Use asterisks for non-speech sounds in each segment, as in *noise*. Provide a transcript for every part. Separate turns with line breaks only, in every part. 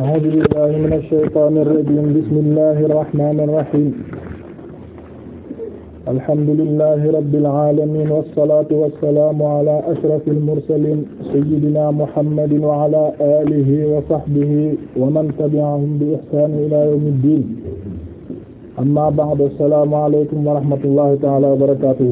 أعوذ بالله من الشيطان الرجيم بسم الله الرحمن الرحيم الحمد لله رب العالمين والصلاة والسلام على أشرف المرسلين سيدنا محمد وعلى آله وصحبه ومن تبعهم بإحسان إلى يوم الدين أما بعد السلام عليكم ورحمة الله تعالى وبركاته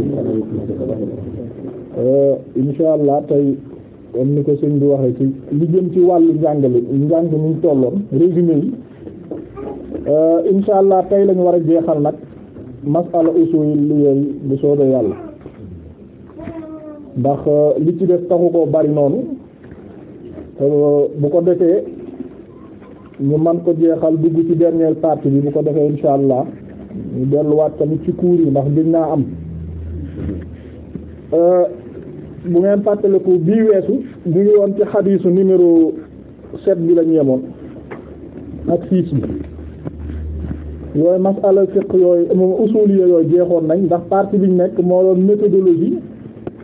إن شاء الله tey comme ni ko sëñ bi waxee ci li jëm ci wàllu njàngale njàng mi ñu tolloon résumé yi euh, insha allah tey lañu war a jeexal nag masala usul yooyu bu soobee yàlla ndax euh, li ci def taxu koo bari noonu euh, bu ko defee ñu man ko jeexal dugg ci dernière partie bi bu ko defee insha allah ñu delluwaat tamit ci cours yi ndax gën naa am bu ngeen fàttaliku bii weesu ñu ngi woon ci xadiisu numéro set bi lañu yemoon ak six bi yooyu masala fiqh yooyu moom usul yooyu jeexoon nañ ndax partie biñ nekk moo doon méthodologie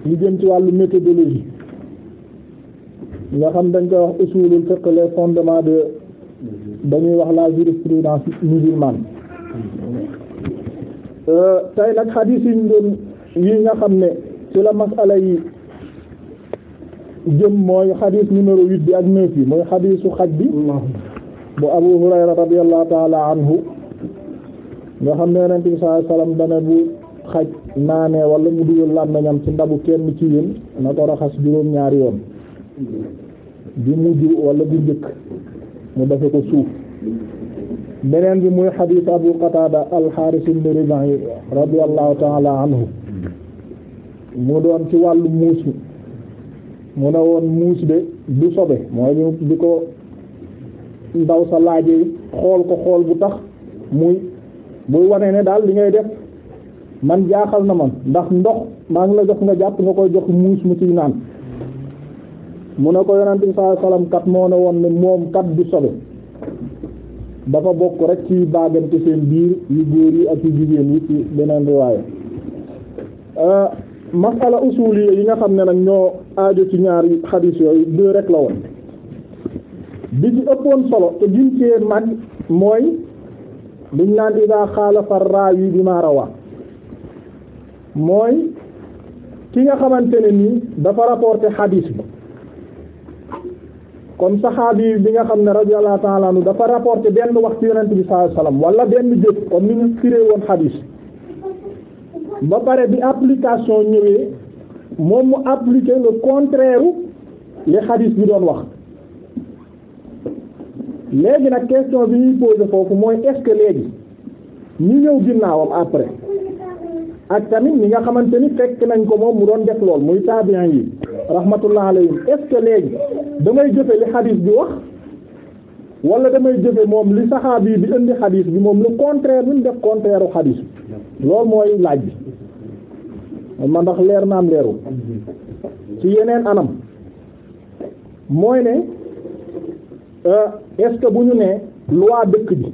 ñu jëm ci wàllu méthodologie nga xam dañ koy wax usulul fiqh les fondements de dañuy wax la jurisprudence musulmane euh, tey nag xadiis yi ñu doon yi nga xam ne ci la masala yi jëm mooy xadis numéro huit bi ak neuf bi mooy xadisu xaj bi bu Abu Hurayra radiyallahu taala anhu nga xam ne yonent bi sallallahu alayhi bu xaj naanee wala mu dugal làmmiñam ci ndabu kenn ci yéen na ko raxas juróom-ñaari yoon bi mujj wala bu njëkk mu defe ko suuf beneen bi muy xadiis Abu Qatada al-Haaris ibn Ribaa'i radiyallahu taala anhu mu doon ci wàllu muus mi mu ne woon muus de du sobe mooy bi ko ndaw sa laajee xool ko xool bu tax muy buy wane ne daal li ngay def man jaaxal na man ndax ndox maa ngi la jox nga jàpp nga koy jox muus mu ciy naan mu ne ko yonent bi sallallahu alayhi wasallam kat moo ne woon ne moom kat du sobe dafa bokk rek ci baagante seen biir yu góor yi ak yu jigéen yi ci beneen riwaaye euh, masala usuliya yi nga xam ne nag ñoo aajo ci ñaari xadiis yooyu deux rek la woon bi ci ëppoon solo te gin cee mooy biñ naan ida xaalafa raawi bi ma rawa mooy ki nga xamante ne nii dafa rapporté xadiis bi comme saxaabi bi nga xam ne radiyallahu ta'ala anhu dafa rapporté benn wax ci yonent bi sallallahu alayhi wasallam wala benn jëf comme ni ñu firee woon xadiis ba pare bi application ñëwee moom mu appliquer le contraire li xadis bi doon wax léegi nag question bi ñuy poser foofu mooy est-ce léegi ñu ñëw ginnaawam après ak tamit ñi nga xamante ni fekk nañ ko moom mu doon def lool muy tabi'in yi rahmatullah alayhim est-ce que léegi damay jëfe li xadis bi wax wala damay jëfe moom li saxaabi bi indi xadis bi moom le contraire bi mu def contraire u xadis bi loolu mooy laaj bi ma ndax leer na am leerul ci yeneen anam mooy ne euh, est-ce bu ñu nee loi dëkk bi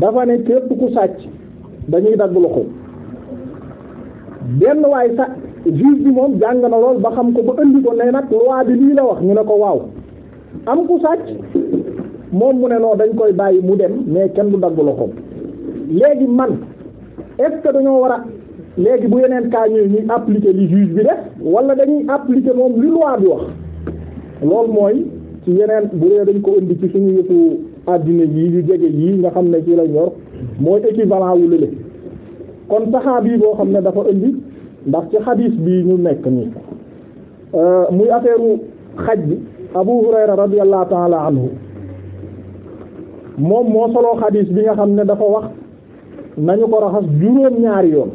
dafa ne képp ku sàcc dañuy dagg loxo benn waay sa juge bi moom jàng na lool ba xam ko ba indi ko ne nag loi bi lii la wax ñu ne ko waaw am ku sàcc moom mu ne noo dañ koy bàyyi mu dem mais kenn du dagg loxo léegi man est dañoo war a léegi bu yeneen cas ñëwee ñuy appliquer li juge bi def wala dañuy appliquer moom li loi bi wax loolu mooy ci yeneen bu dee dañ ko indi ci suñu yëfu àddina yi yu jege yi nga xam ne ci la ñor mooy équivalent wu lële kon saxaab yi boo xam ne dafa indi ndax ci xadiis bi ñu nekk nii euh, muy affaire xaj bi Abu Hurayra radiyallahu ta'ala anhu moom moo soloo xadiis bi nga xam ne dafa wax nañu ko raxas juróom ñaari yoon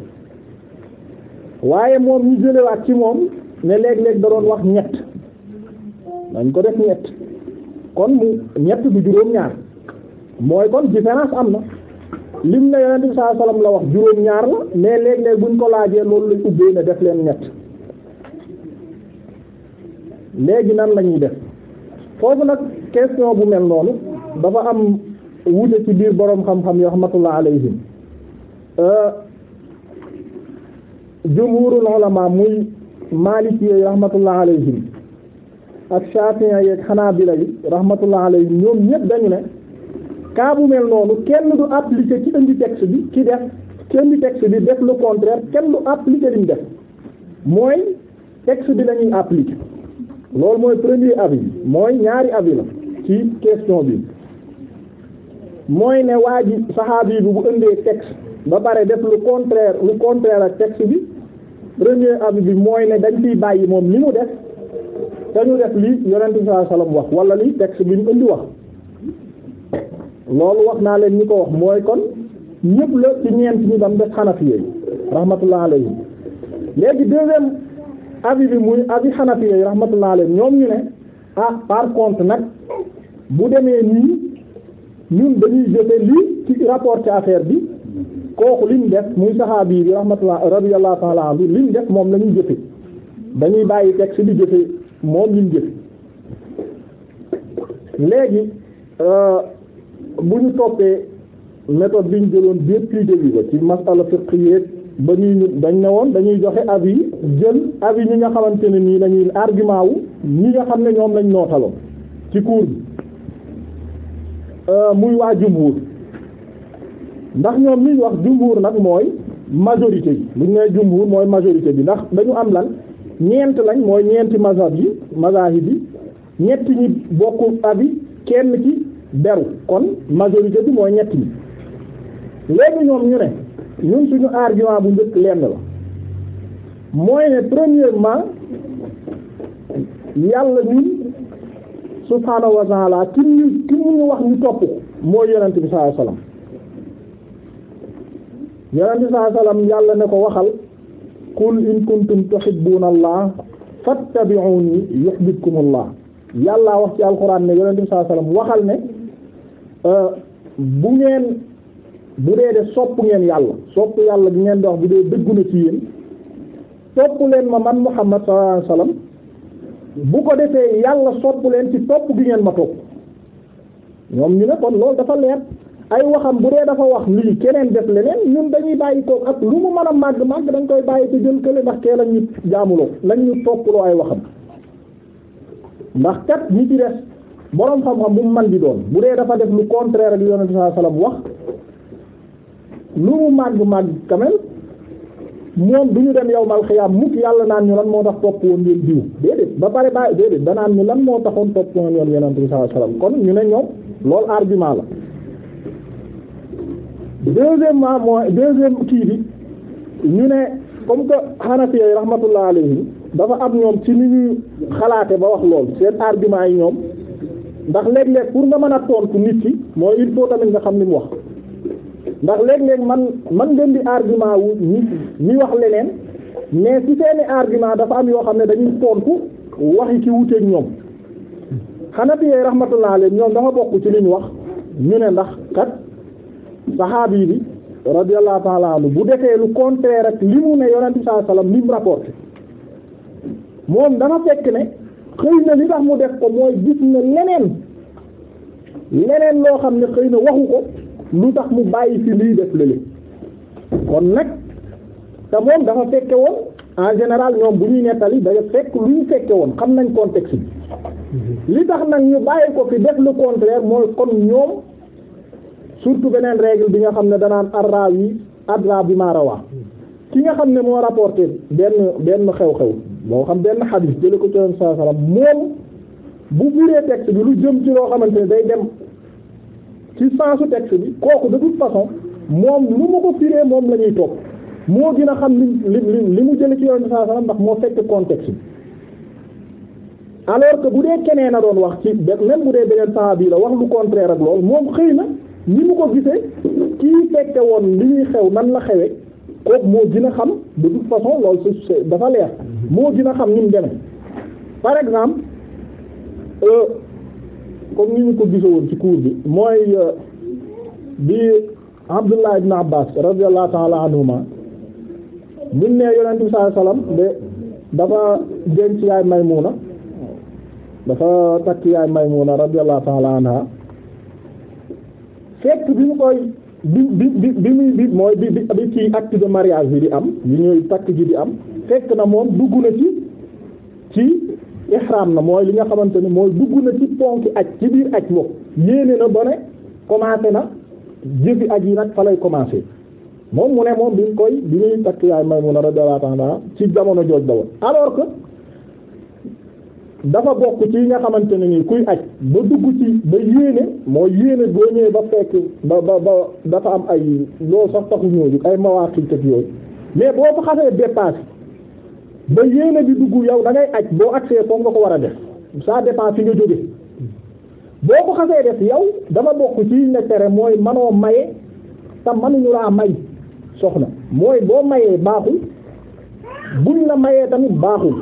waaye moom ñu jëlewaat ci moom ne léeg-léeg da doon wax ñett dañ ko def ñett kon mu ñett du juróom-ñaar mooy kon différence am na lim na yonent bi saa salaam la wax juróom-ñaar la mais léeg-léeg buñ ko laajee loolu lañ ubbee na def leen ñett léegi nan lañuy def foofu nag question bu mel noonu dafa am wute ci biir boroom xam-xam yi rahmatullah alayhim euh, jumhurul ulama muy maliki yi rahmatullah alayhim ak shafi'i yeeg hanabila yi rahmatullah alayhim ñoom ñëpp dañu ne cas mel noonu kenn du appliquer ci indi texte bi ki def kenn indi texte bi def le contraire kenn du appliquer li mu def mooy texte bi la ñuy loolu mooy premier avis mooy ñaari avis la ci question bi mooy ne waa ji saxaabi bi bu indee texte ba pare def lu contraire lu contraire ak texte bi premier avis bi mooy ne dañ ciy bàyyi moom li mu def dañu def li yonent bi sallallahu wax wala li texte bi mu indi wax loolu wax naa leen ñi ko wax mooy kon ñëpp la ci ñeent ñi ba mu def xanafi yi rahmatullah alayhi léegi deuxième avis bi muy avis xanafi yi rahmatullah alayhi ñoom ñu ne ah par contre nag bu demee nii ñun dañuy jëfe lii ci rapport ci affaire bi kooku li mu def muy saxaabi bi rahmatullah radiyallahu ta'ala anhu li mu def moom la ñuy jëfe dañuy bàyyi si bi jëfe moom li mu jëfe léegi euh, bu ñu toppee méthode bi ñu jëloon depuis début ba ci masala fiqh ba ñuy ñu dañ ne woon dañuy joxe yi jël avis ñi nga xamante ne nii lañuy argument wu ñi nga xam ne ñoom lañ nootaloon ci cours bi euh, muy waa jumhur ndax ñoom liñ wax jumhur nag mooy majorité bi bu ñu nee jumhur mooy majorité bi ndax dañu am lan ñeent lañ mooy ñeenti mazhab yi mazahib yi ñett ñi bokku abi kenn ki beru kon majorité bi mooy ñetti ñi léegi ñoom ñu ne ñun suñu argument bu njëkk lenn la mooy ne premièrement yàlla ñun subhaanahu wa ta'ala ñu ki mu ñu wax ñu topp mooy yonent bi sallallahu alayhi yonente saa salaam yàlla ne ko waxal qul in kuntum tuhibbuna allah fattabi'uni yuhibbukum allah yàlla wax ci alxuraan ne yonente saa salaam waxal ne euh, bu ngeen bu dee de sopp ngeen yàlla sopp yàlla bu ngeen di wax bu dee dëggu na ci yéen topp leen ma man muhammad sallallahu alayhi wasallam bu ko defee yàlla sopp leen ci topp gi ngeen ma topp ñoom ñu ne kon loolu dafa leer ay waxam bu dee dafa wax lii keneen def leneen ñun dañuy bàyyi koog ak lu mu mën a màgg màgg dañ koy bàyyi te jël kële ndax kee lañ ñu jaamuloo lañ ñu toppuloo ay waxam ndax kat ñi ci des boroom xam-xam bu mu man di doon bu dee dafa def lu contraire ak yonent sallallahu alayhi wasallam wax lu mu màgg màgg quand même moom du ñu dem yawmal xiyaam mukk yàlla naan ñu lan moo tax topp woon ngeen diw déedéet ba pare bàyyi déedéet danaan ñu lan moo taxoon topp yoon yonent sallallahu alayhi wasallam kon ñu ne ñoom loolu argument la deuxièmement mooy deuxième kii bi ñu ne comme que Hanafi yi rahmatullah alayhi dafa am ñoom ci ni ñuy xalaate ba wax lool seen argument yi ñoom ndax léeg-léeg pour nga mën a tontu nit ki moo il faut tamit nga xam ni mu wax ndax léeg-léeg man man ngeen di argument wu ñi ñi wax leneen mais ci seeni argument dafa am yoo xam ne dañuy tontu waxi ci wuteeg ñoom Hanafi yi rahmatullah alayhi ñoom dafa bokk ci li wax ñu ne ndax kat saxaabi bi radiyallahu taala anhu bu defee lu contraire ak li mu ne yonent bi sallallahu alayhi wasallam lim rapporté moom dama fekk ne xëy na li tax mu def ko mooy gis na leneen leneen loo xam ne xëy na waxu ko lu tax mu bàyyi fi liy def lële kon nag te moom dafa fekke woon en général ñoom bu ñuy nettali dafa fekk lu ñu fekke woon xam nañ contexte bi mhm. li tax nag ñu bàyyi ko fi def le contraire mooy kon ñoom surtout beneen règle bi nga xam ne danaan arraaw yi adra bi maa rawaa ki nga xam ne moo rapporté benn benn xew-xew moo xam benn xadis jële ko coon saa salaam moom bu buree texte bi lu jëm ci loo xamante ne day dem ci sensu texte bi kooku de toute façon moom lu ma ko firee moom la ñuy topp moo gën a xam li li li mu jële ci yoon saa ndax moo fekk contexte bi alors que bu dee keneen a doon wax ci même bu dee beneen sahabi la wax lu contraire ak lool moom xëy na ni mu ko gisee kii fekke woon li ñuy xew nan la xewe kooku moo gën xam de toute façon loolu c'est dafa leer moo dina xam ni mu demee par exemple euh, comme ni ñu ko gisee woon ci cours bi mooy euh, bi Abdullah ibn Abbas radiyallahu ta'ala anhuma mu ne yonent bi sallallahu alayhi wasallam de dafa denc yaay Maymuna dafa takk yaay Maymuna radiyallahu ta'ala anha fekk bi mu koy bi bi bi bi mooy bi bi ci acte de mariage di am yi ñuy takk ji di am fekk na moom dugg na ci ci ihram na mooy li nga xamante ne mooy dugg na ci ponki aj ci biir aj moom yéene na ba ne na jëfi aj yi nag fa lay commencé moom mu ne moom bi mu koy bi muy takk yaay Maymuna radiyallahu anha ci jamono jooj la woon alors dafa bokk ci nga xamante ne nii kuy aj ba dugg ci ba yéene moo yéene boo ñëwee ba fekk ba ba ba dafa am ay loolu sax taxu ñoo jug ay mawaaqit ak yooyu mais boo ko xasee ba yéene bi dugg yow da ngay aj boo agsee foog nga war a def saa dépend fi nga jóge boo ko xasee def yow dafa bokk ci ne tere mooy manoo maye te manuñu laa may soxna mooy boo mayee baaxul buñ la mayee tamit baaxul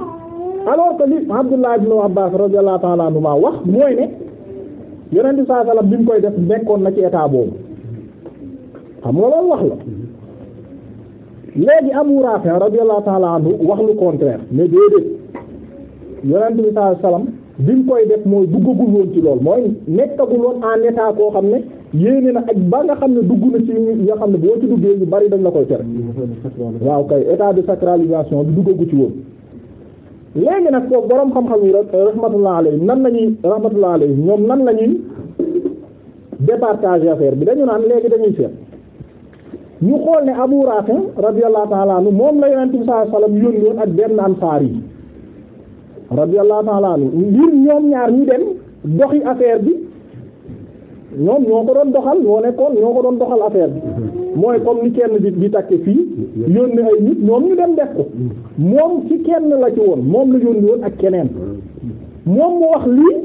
alors que li Abdullah ibn Abbas radiyallahu ta'ala anhuma wax mooy ne yonent saa salaam bi mu koy def nekkoon na ci état boobu xam nga loolu wax la léegi Abu Rafi radiyallahu ta'ala anhu wax lu contraire mais déedéet yonent bi saa salaam bi mu koy def mooy duggagul woon ci lool mooy nekkagul woon en koo xam ne yéene na ak ba nga xam ne dugg na ci nga xam ne boo ci duggee yu bari dañ la koy tere waaw kay état de sacralisation bi duggagu ci woon. léegi nag ko borom xam-xam yi rahmatullah alayhi nan lañuy rahmatullah alayhi ñoom nan lañuy départage affaire bi dañu naan léegi dañuy seet ñu xool ne Abu Rafi radiyallahu ta'ala anhu moom la yonent bi sallallahu alayhi wasallam ak benn ansaar yi radiyallahu ta'ala ngir ñoom ñaar ñu dem doxi affaire bi ñoom ñoo ko doon doxal ñoo nekkoon ñoo ko doon doxal affaire bi mm-hmm. mooy comme ni kenn di di takke fii yónni ay nit ñoom ñu dem def ko mm-hmm. moom ci kenn la ci woon moom la yónni woon ak keneen
mm-hmm.
moom mu wax lii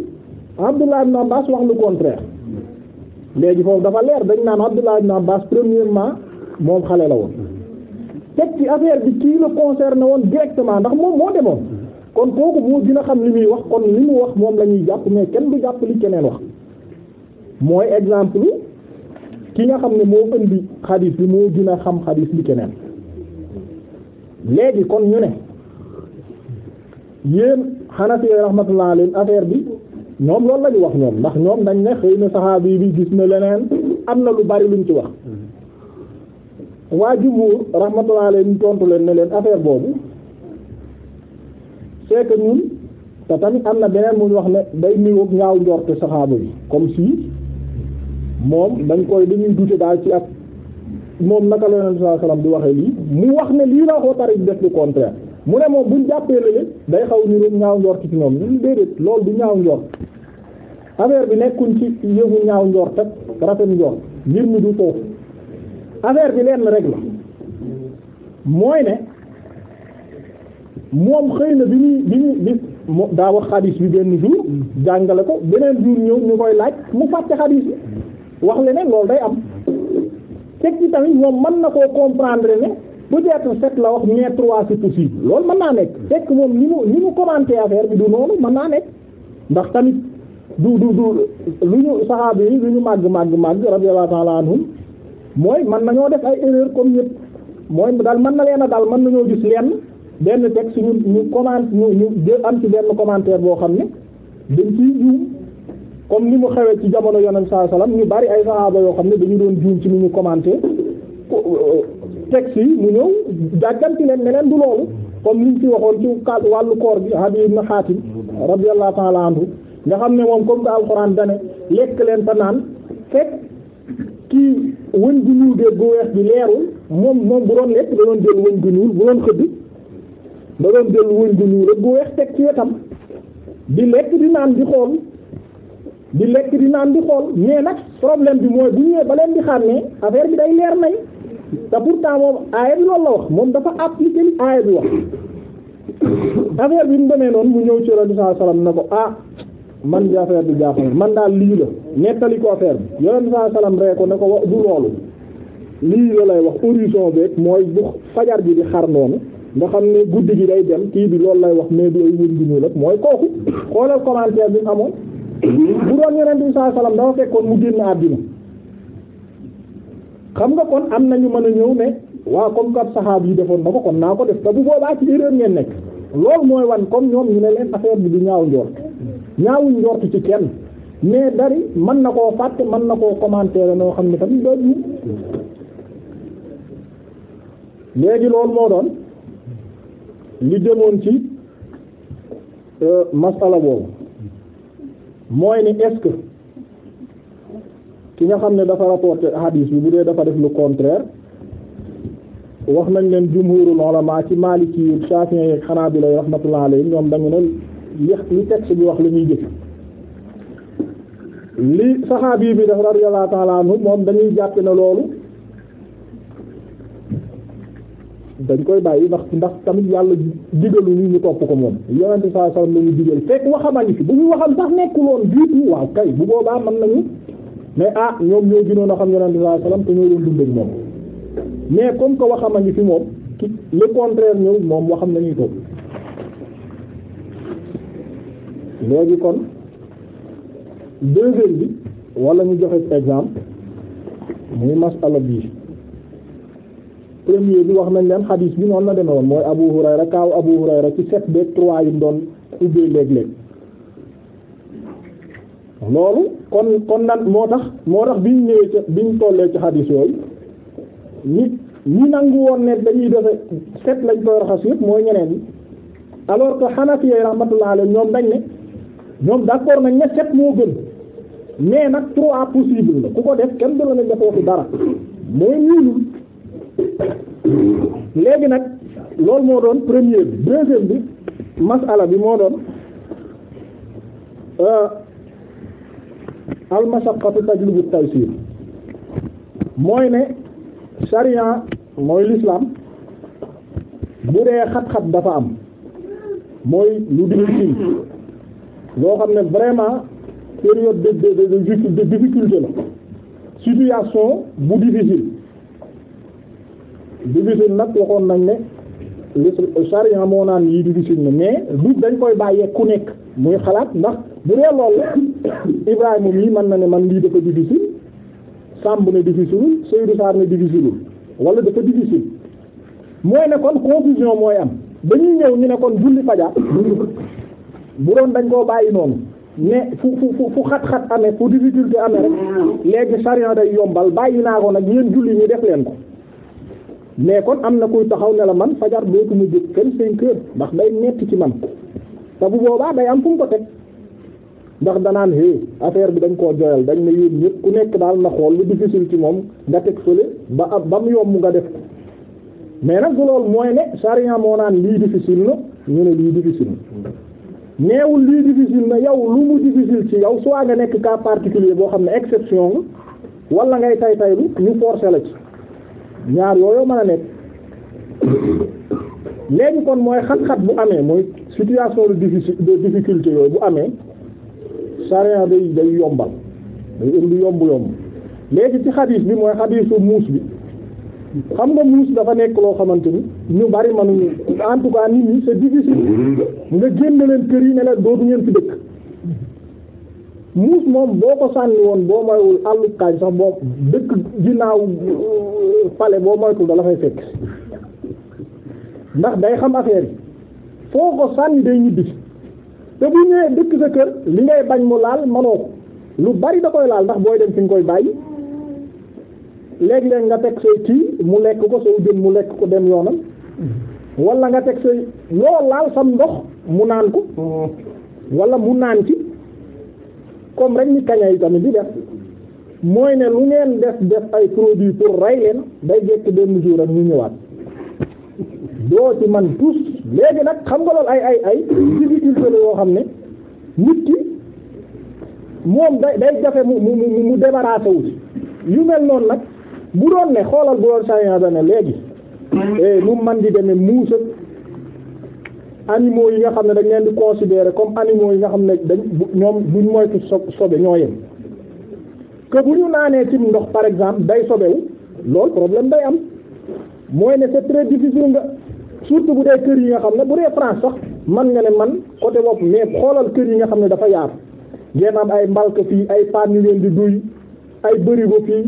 Abdullah ibn Abbas wax le contraire léegi foofu dafa leer dañ naan Abdullah ibn Abbas premièrement moom xale la woon teg ci affaire bi kii la concerné woon directement ndax moom moo demoon kon kooku moo dina xam li muy wax kon li mu wax moom la ñuy jàpp mais kenn du jàpp keneen wax mooy exemple ki nga xam ne moo indi xadis bi moo dina a xam xadis bi keneen léegi kon ñu ne yéen xanafi rahmatullah alayhi affaire bi ñoom loolu la ñu wax ñoom ndax ñoom dañ ne xëy na saxaabi bi gis na leneen am na lu bari luñ ci wax waa jumhur rahmatullah alayhi ñu tontu leen ne leen affaire boobu c'est que te tamit am na beneen mu wax ne day niroog ñaaw njorte saxaaba yi comme si moom dañ koy dañuy dute daal ci ak moom naka la yonent sallallahu di waxee lii mu wax ne lii la ko tari def lu contraire mu ne moom buñ jàppee lële day xaw ñu doon ñaaw ki ci ñoom ñun déedéet loolu du ñaaw njort affaire bi nekkuñ ci yëfu ñaaw njort ak rafet njort ngir mi du foofu affaire bi lenn rek mooy ne moom xëy na bi ñuy bi ñuy bi daa wax xadiis bi benn jour jàngale ko beneen jour ñëw ñu koy laaj mu fàtte xadiis bi wax la ne loolu day am teg ci tamit moom mën na koo comprendre ne peut-être sept la wax mais trois c'est possible loolu mën naa nekk fekk moom li mu ni mu commenté affaire bi du noonu mën naa nekk ndax tamit du du du lu ñu saxaaba yi lu ñu màgg màgg màgg radiyallahu ta'ala anhum mooy mën ñoo def ay erreur comme ñëpp mooy daal mën na leen a daal mën nañoo gis lenn benn texte ñu ñu comment ñu ñu am ci benn commentaire boo xam ne dañ ciy juum comme ni mu xewee ci jamono yonent saa salaam ñu bari ay saxaaba yoo xam ne dañu doon juum ci mu ñu commenté euh, texte yi mu ñëw jàgganti leen ne leen du loolu comme liñ ci waxoon ci kàddu wàllu koor gi Abi ibn Xaatim radiyallahu ta'ala anhu nga xam ne moom comme que alxuraan dane lekk leen fa naan fekk kii wëñ gu ñuul de weex bi leerul moom moom bu doon lekk da doon jël wëñ gu ñuul bu doon xëdd da doon jël wëñ gu ñuul rek gu weex teg ci wetam di lekk di naan di di lekk di naan di xool mais nag problème bi mooy bu ñëwee ba leen di xàmmee affaire bi day leer nañ te pourtant moom aaya bi loolu la wax moom dafa appliqué li aaya bi wax affaire bi mu ñëw ci na ko ah man di affaire bi jaaxal man daal lii la nettali lay wax horizon beeg mooy bu fajar ji di xar noonu nga ne guddi gi day dem kii bi loolu lay wax mais du ay wëndu ñu la mooy kooku *coughs* xoolal commentaire bi amoon. bu doon yonent bi sallallahu alayhi dafa fekkoon mu génn àddina xam nga kon am na ñu mën a ñëw ne waaw comme que saxaab yi defoon na ko kon naa ko def te bu boobaa ci erreur ngeen nekk loolu mooy wan comme ñoom ñu ne leen affaire bi du ñaaw njort ñaawu njort ci kenn mais dari mën na koo fàtte man na koo commenter noo xam ne tamit doo ji léegi loolu moo doon li demoon ci euh, masala boobu mooy ni est ki nga xam ne dafa rapporté hadis bi bu dee dafa def lu contraire wax nañ leen jumhurul ulama ci maliki yi xanaa bi lay yi rahmatullah alayhim ñoom dañu ne yéex li texte bi wax la ñuy jëf li saxaabi bi def radiyallahu ta'ala anhu moom dañuy jàpp ne loolu dañ koy bàyyi ndax ndax tamit yàlla digalu ñu ñu topp ko moom yonente saa sallam la ñu digal fekk waxama ngi fi bu ñu waxam sax nekkul woon jiitu waaw kay bu boobaa mën nañu mais ah ñoom ñoo gënoon a xam yonente saa sallam te ñoo doon dund ak moom mais comme que waxama ngi fi moom ki le contraire ñëw moom waxam la ñuy topp léegi kon deuxième bi wala ñu joxe exemple muy masala bii premier bi wax nañ leen xadiis bi noonu la demee woon mooy Abu Hurayra kaaw Abu Hurayra ci sept beeg trois yi doon ubbee léeg-léeg loolu kon kon nan moo tax moo tax bi biñ ñëwee ca biñ tollee ci xadiis yooyu nit ñi nangu woon ne dañuy defe sept lañ koy raxas yëpp mooy ñeneen yi alors que Hanafi yi rahmatullah alayhi ñoom nañ ne ñoom d'accord nañ ne sept moo gën mais nag trois possible la ku ko def kenn du la ne defoo fi dara mooy ñuulul léegi nag loolu moo doon premier bi deuxième bi masala bi moo doon euh, al mashaqqatu tajlibu taysir mooy ne sharia mooy lislaam bu dee xat-xat dafa am mooy lu difficile loo xam ne vraiment période de de de difficulté la situation bu difficile division nag waxoon nañ ne li charia moo naan yii division ne mais du dañ koy bàyyee ku nekk muy xalaat ndax bu dee loolu *coughs* Ibrahima mii mën na ne man lii dafa difficile Samb ne difficile Seydou Sarr ne difficile wala dafa difficile mooy ne kon confusion mooy am dañuy ñëw ñu ne kon julli fajar *coughs* bu doon dañ koo bàyyi noonu mais fu fu fu xat-xat amee fu difficulté amee rek léegi charia day yombal bàyyi naa ko nag yéen julli ñi def leen ko. mais kon am na kuy taxaw ne la man fajar dootuma jóg kenn cinq heures ndax day metti ci man te bu boobaa day am fu mu ko teg ndax danaan hé affaire bi dañ koo joyal dañ ne yéen ñëpp ku nekk daal na xool lu difficile ci moom nga teg fële ba am ba mu yomb nga def ko mais nag loolu mooy ne sariya moo naan lii difficile na ñu ne lii difficile na neewul lii difficile na yow lu mu difficile ci yow soit nga nekk cas particulier boo xam ne exception wala ngay tay taylu ñu ñaar yooyu mën a nekk léegi kon mooy xat-xat bu amee mooy situation de difficile de difficulté yooyu bu amee charia day day yombal day indi yomb-yomb léegi ci xadiis bi mooy xadiisu muus bi xam nga muus dafa nekk loo xamante ni ñu bari manuñu en tout cas nit ñi c'est difficile nga génn leen kër yi ne la dootu ngeen fi dëkk muus moom boo ko sànni woon boo moywul àllu kaañ sax boo dëkk ginnaaw euh, pale boo moytul dala fay fekk ndax day xam affaire yi foo ko sànni day ñibbi te bu ñëwee dëkk sa kër li ngay bañ mu laal manoo ko lu bari da koy laal ndax booy dem fi nga koy bàyyi léeg-léeg nga teg say kii mu lekk ko soo jën mu lekk ko dem yoonam wala nga teg say lool laal sam ndox mu naan ko mm. wala mu naan ci comme rek ni kaña yi tamit di def mooy ne lu ngeen def def ay produit pour rey leen day jekk benn jour ak ñu ñëwaat doo ci man tous léegi nag xam nga lool ay ay ay difficulté la yoo xam ne nit ki moom day day jafe mu mu mu mu débarrassé wu yu mel noonu nag bu doon ne xoolal bu doon saa ne léegi mm-hmm. eh, mu man di demee muus animaux yi nga xam ne dañ leen di considérer comme animaux yi nga xam ne dañ ñoom buñ moytu so sobe ñoo yem que bu ñu naanee ci ndox par exemple day sobewu loolu problème day am mooy ne c'est di difficile nga surtout bu dee kër yi nga xam ne bu dee France sax man nga ne man coté bopp mais xoolal kër yi nga xam ne dafa yaatu ngeen am ay mbalka fii ay paan yu leen di duy ay bërigo fii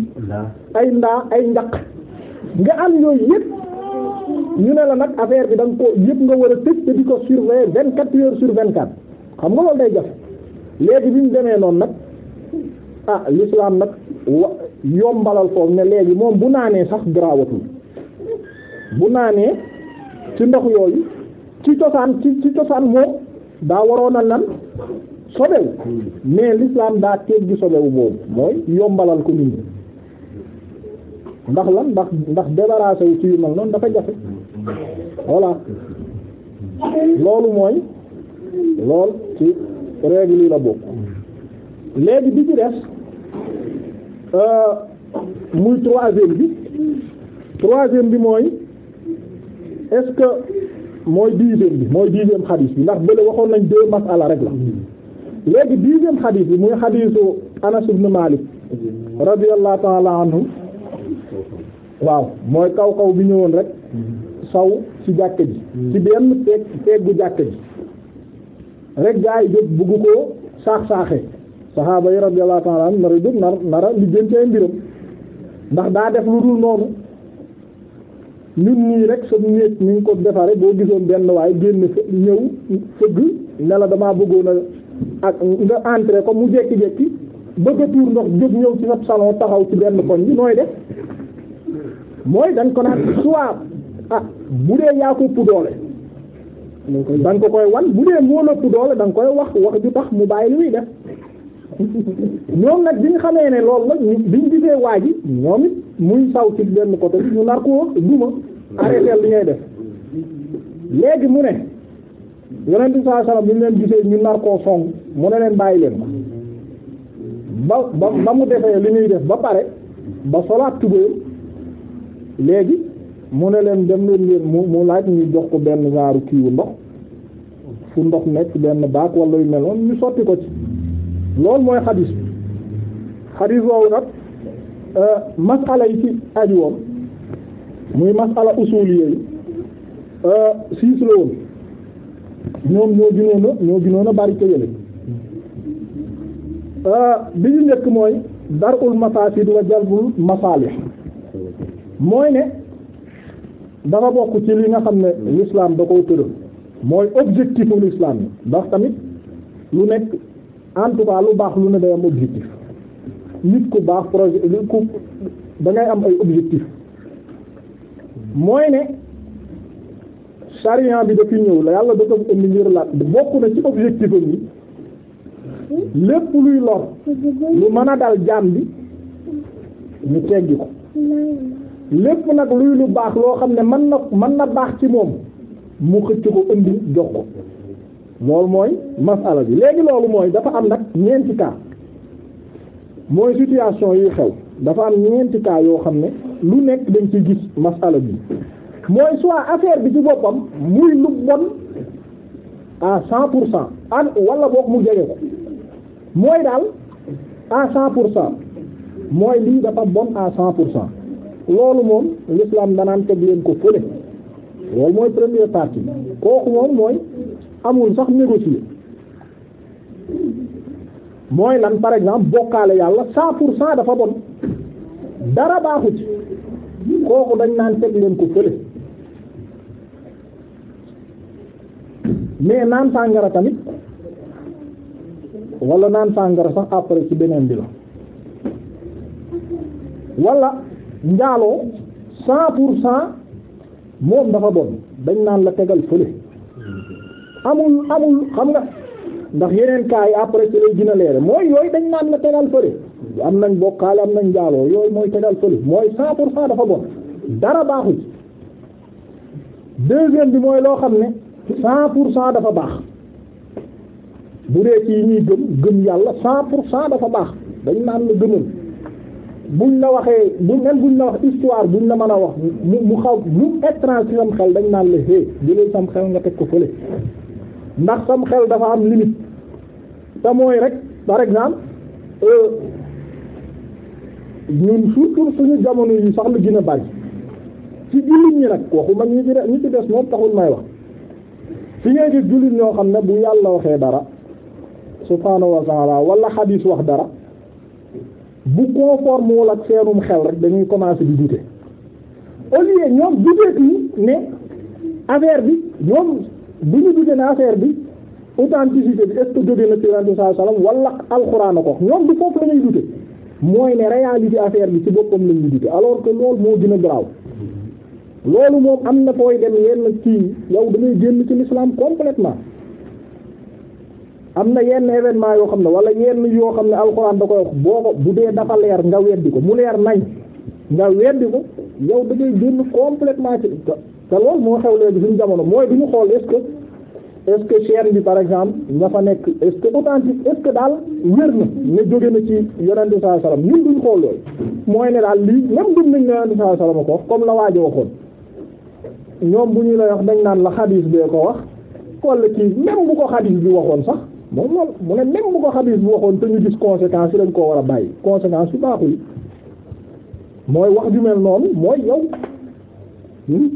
ay ndaa ay njaq nga am yooyu yëpp ñu ne la nag affaire bi da nga ko yëpp nga war a tëj te di ko surveiller vingt quatre heures sur vingt quatre xam nga loolu day jafe léegi bi mu demee noonu nag ah l'islam nag yombalal foofu ne léegi moom bu naanee sax garaawatul bu naanee ci ndox yooyu ci cosaan ci ci cosaan moom daa waroon a lan sobewu hmm. mais l'islam daa teggi sobewu boobu mooy yombalal ko nit ñi ndax lan ndax ndax débarrassé wu ci yu mel noonu dafa jafe voilà loolu mooy lool ci règle la bokk léegi bi ci def euh, muy troisième bi troisième bi mooy est-ce que mooy dixième bi mooy dixième xadiis bi ndax bële waxoon nañ deux masala rek la léegi dixième xadiis bi muy xadiisu Anas ibn Malik radiyallahu ta'ala anhu waaw mooy kaw kaw bi ñëwoon rek saw ci jàkka ji mm. ci benn peeg peegu jàkka ji rek gaa yi jóg bugg koo saax saaxe saxaaba yi radiyallahu ta'ala anhum nar a jóg nar nara li jëm ci ay mbiram ndax daa def lu dul noonu ñun nii rek sa néeg ni ñu ko defaree boo gisoon benn waaye génn fa ñëw fëgg ne la damaa bëggoon a ak nga entrer ko mu jekki jekki bëgg a ndox jóg ñëw ci sa salon taxaw ci benn koñ bi nooy def mooy dañ ko naan soit ah bu dee yaa ko ëpp doole da nga ko koy wan bu dee moo la ëpp doole danga koy wax wax ju tax mu bàyyi lu muy def *laughs* ñoom nag bi ñu xamee ne loolu la bi ñu gisee waa ji ñoom it muy saw ci benn côté ñu nar ko duma arrêté li ngay def léegi mu ne yonent bi sallallahu alayhi wasallam bi ñu leen gisee ñu nar koo song mu ne leen bàyyi leen ba ba ba mu defee li ñuy def ba pare ba solaat tubéer léegi mu ne leen dem leen leen mu mu laaj ñu jox ko benn gaaru kiiwu ndox fu ndox nekk benn baak wala yu mel noonu ñu sotti ko ci loolu mooy xadis bi xadis nag euh, masala yi ci aju woon muy masala usul yooyu euh, siis la woon ñoom ñoo gënoon a ñoo gënoon a bari ca yële euh, bi ñu njëkk mooy darul mafasid wa jalbul masalih mooy ne dafa bokk ci li nga xam ne l'islam da koo tëral mooy objectif u l'islam yi ndax tamit lu nekk en tout lu baax lu ne day am objectif nit ku baax projet ku da am ay objectif mooy ne charian bi dafi ñëw la yàlla dafa indi ngir la bokk na ci objectif am yi lépp luy lor lu mën a dal jaam bi ñu teggi ko lépp nag luy lu baax loo xam ne man na man na baax ci moom mu xëcc ko indi jox ko loolu mooy masala bi léegi loolu mooy dafa am nag ñeenti kaa mooy situation yu xew dafa am ñeenti kaa yoo xam ne lu nekk dañ ci gis masala bi mooy soit affaire bi ci boppam muy lu bon à cent pour cent an wala boog mu jege ko mooy daal à cent pour cent mooy lii dafa bon à cent pour cent loolu moom l'islam danaan teg leen ko fële loolu mooy première partie kooku moom mooy amul sax négocier mooy lan par exemple bokkaale yàlla cent pour cent dafa bon dara baaxu ci kooku dañ naan teg leen ko fële mais naan sàngara tamit wala naan sàngara sax après ci beneen bi la wala njaaloo cent pour cent moom dafa bon dañ naan la tegal fële amul amul xam nga ndax yeneen cas yi après ci lay gën a leere mooy yooyu dañ naan la tegal fële am nañ bokkaale am nañ njaaloo yooyu mooy tegal fële mooy cent pour cent dafa bon dara baaxu ci deuxième bi mooy loo xam ne cent pour cent dafa baax bu dee ci ñuy gëm gëm yàlla cent pour cent dafa baax dañ naan la gëmal buñ la waxee bu même buñ la wax histoire buñ la mën a wax mu mu xaw lu étrange ci sam xel dañ naan la hé jëlee sam xel nga teg ko fële ndax sam xel dafa am limite te mooy rek par exemple euh, ñun surtout suñu jamono yi sax lu gën a bari ci jullit ñi nag waxuma ñi ci ñi ci des moom taxul may wax fi ngay gis jullit ñoo xam ne bu yàlla waxee dara subhaanahu wa ta'ala wala xadiis wax dara bu conforme wul ak seenum xel rek dañuy commencer di douter au lieu ñoom douteetuñu ne affaire bi ñoom du ñu douter ne affaire bi authenticité bi est-ce que jóge na ci bi sallallahu alayhi wa sallam wala alxuraan a ko ñoom du foofu la ñuy mooy ne réalité affaire bi ci boppam la ñuy alors que loolu moo gën a garaaw loolu moom am na fooy dem yenn kii yow da ngay génn ci l'islam complètement am na yenn événement yoo xam ne wala yenn yoo xam ne alxuraan da koy wax boo ko bu dee dafa leer nga weddi ko mu leer nañ nga weddi ko yow da ngay génn complètement ci te loolu moo xew léegi suñu jamono mooy du ñu xool est-ce que est par exemple nga fa nekk est-ce que que daal wér na ne na ci yonent bi sallallahu alayhi wasallam ñun duñ xool loolu ne daal lii même dum nañ ne yonent bi sallallahu alayhi wasallam ko wax comme la waajo ñoom bu ñu lay wax dañ naan la xadiis bee ko wax wala kii même bu ko xadiis bi waxoon sax moom loolu mu ne même bu ko xadis bi waxoon te ñu gis conséquences yi dañ koo war a bàyyi conséquences yu baaxul mooy wax ju mel noonu mooy yow hmm?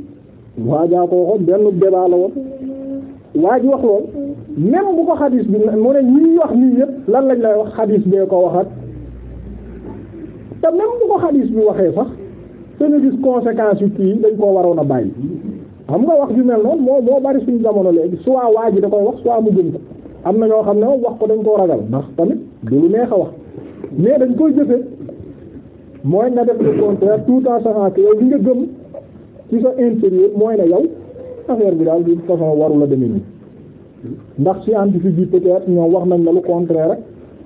waajaa ko waxoon benn débat la woon waa ji wax lool même bu ko xadis bi mu ne ñuy wax nii yëpp lan lañ wax xadis bee ko waxat te même bu ko xadis bi waxee sax te ñu gis kii dañ koo waroon a bàyyi xam nga wax ju mel noonu moo bari suñu jamono léegi soit waa ji da koy wax soit mu gën ko. am na ñoo xam ne wax ko dañ koo ragal ndax tamit du lu neex a wax mais dañ koy jëfee mooy nga def le contraire tout en sachant que yow li nga gëm ci sa intérieur mooy na yow affaire bi daal de toute façon waru la demee nii ndax scientifique bi peut-être ñoo wax nañ la lu contraire rek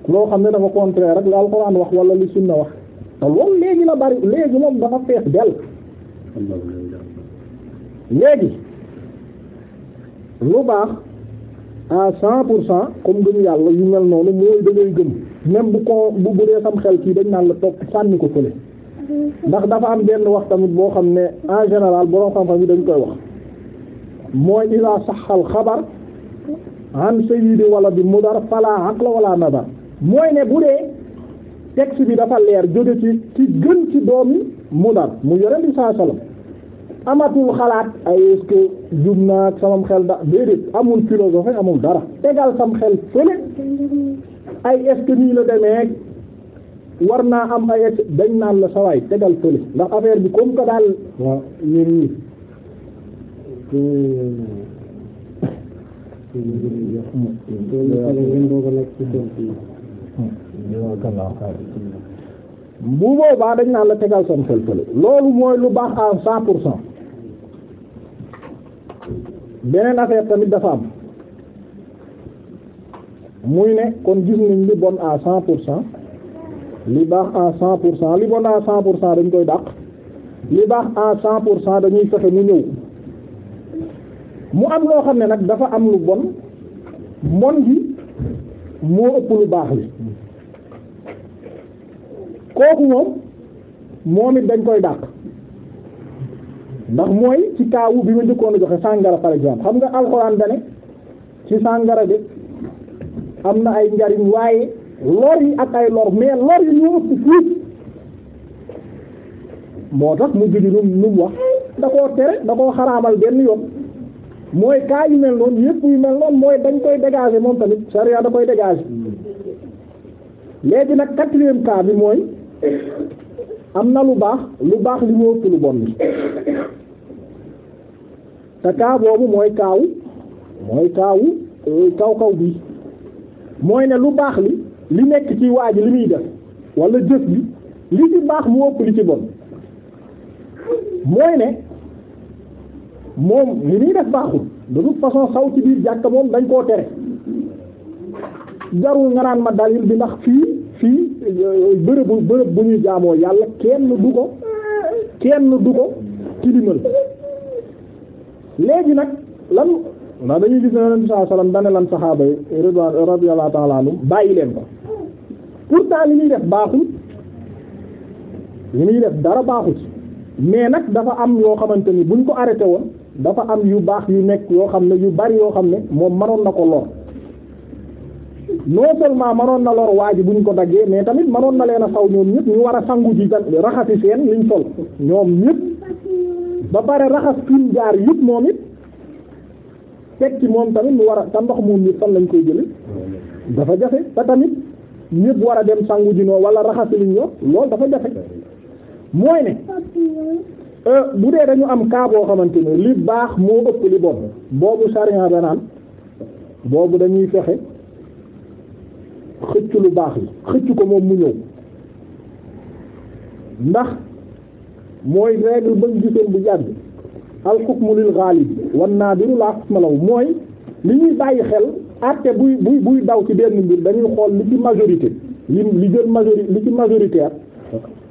loo xam ne dafa contraire rek la alxuraan wax wala li sunna wax te loolu léegi la bari léegi moom dafa fees dell léegi lu baax. à cent pour cent comme gëm yàlla yu mel noonu mooy da ngay gëm même bu ko bu bu dee sam xel kii dañ naan la toog sànni ko fële ndax dafa am benn wax tamit boo xam ne en général borom xam-xam yi dañ koy wax mooy ila saxal xabar an sayyidi wala bi mudar fala aqla wala nadar mooy ne bu dee texte bi dafa leer jóge ci ci gën ci doomi mudar mu yore li saa salaam amatul xalaat ay est-ce naa ak samam xel da déedéet amul philosophie amul dara tegal sam xel fële ay est nii la demee war naa am ay est dañ naan la sawaay tegal fële ndax affaire bi comme que daal
waaw yéen ñi
bu boobaa dañ naan la tegal sam xel fële loolu mooy lu baax à cent pour cent beneen affaire tamit dafa am muy ne kon gis nañ li bon à cent pour cent li baax à cent pour cent li bon à cent pour cent dañ koy dàq li baax à cent pour cent dañuy fexe mu ñëw mu am loo xam ne nag dafa am lu bon mbon gi moo ëpp lu baax li kooku moom moom it dañ koy dàq ndax mooy ci kaawu bi ma njëkkoon a joxe sàngara par exemple xam nga alxuraan dane ci sàngara de am na ay njariñ waaye lor yi ak ay lor mais lor yi moo tax mu judi num nu mu da koo tere da koo xaraamal benn yoon mooy kaa yu mel noonu yëpp yu mel noonu mooy dañ koy dégager moom tamit sariya da koy dégager léegi nag quatrième cas bi mooy am na lu baax lu baax li mu ëpp lu bon te kaa boobu mooy kaaw mooy kaawu euh, kaw kaw bi mooy ne lu baax li li nekk ci waa ji li muy def wala jëf bi li ci baax mu ëpp li ci bon mooy ne moom li muy def baaxul de toute façon saw ci biir jàkk moom dañ koo tere jarul nga naan ma dalil bi ndax fii fii euh, bërëb bërëb bu ñuy jaamoo yàlla kenn du ko kenn du ko tilimal léegi nag lan ndax dañuy gis ne yonent lan saxaaba yi ridwaan radiyallahu ta'ala anhum bàyyi leen ko pourtant li ñuy def baaxul li ñuy def dara baaxul mais nag dafa am yoo xamante ni buñ ko arrêté woon dafa am yu baax yu nekk yoo xam ne yu bari yoo xam ne moom mënoon na ko lor non seulement mënoon na lor waa ji buñ ko daggee mais tamit mënoon na leen a saw ñoom ñu war a sangu ji raxasi seen liñ sol ñoom ñëpp. ba pare raxas suñ jaar yëpp moom it teg ci moom tamit mu war a te ndox moom yi fan lañ koy jële dafa jafe te tamit ñëpp war a dem sangu ji noo wala raxas liñ yor loolu dafa jafe mooy ne euh, bu dee dañu am cas boo xamante ne li baax moo ëpp li bon boobu sariya danaan boobu dañuy fexe xëcc lu baax li xëcc ko moom mu ñëw ndax mooy règle bañ gisoon bu jàdd alxukmu lil ghalib wan naadiru laa xukma law mooy li ñuy bàyyi xel àtte buy buy buy daw ci benn mbir dañuy xool li ci majorité li li gën majorité li ci majoritaire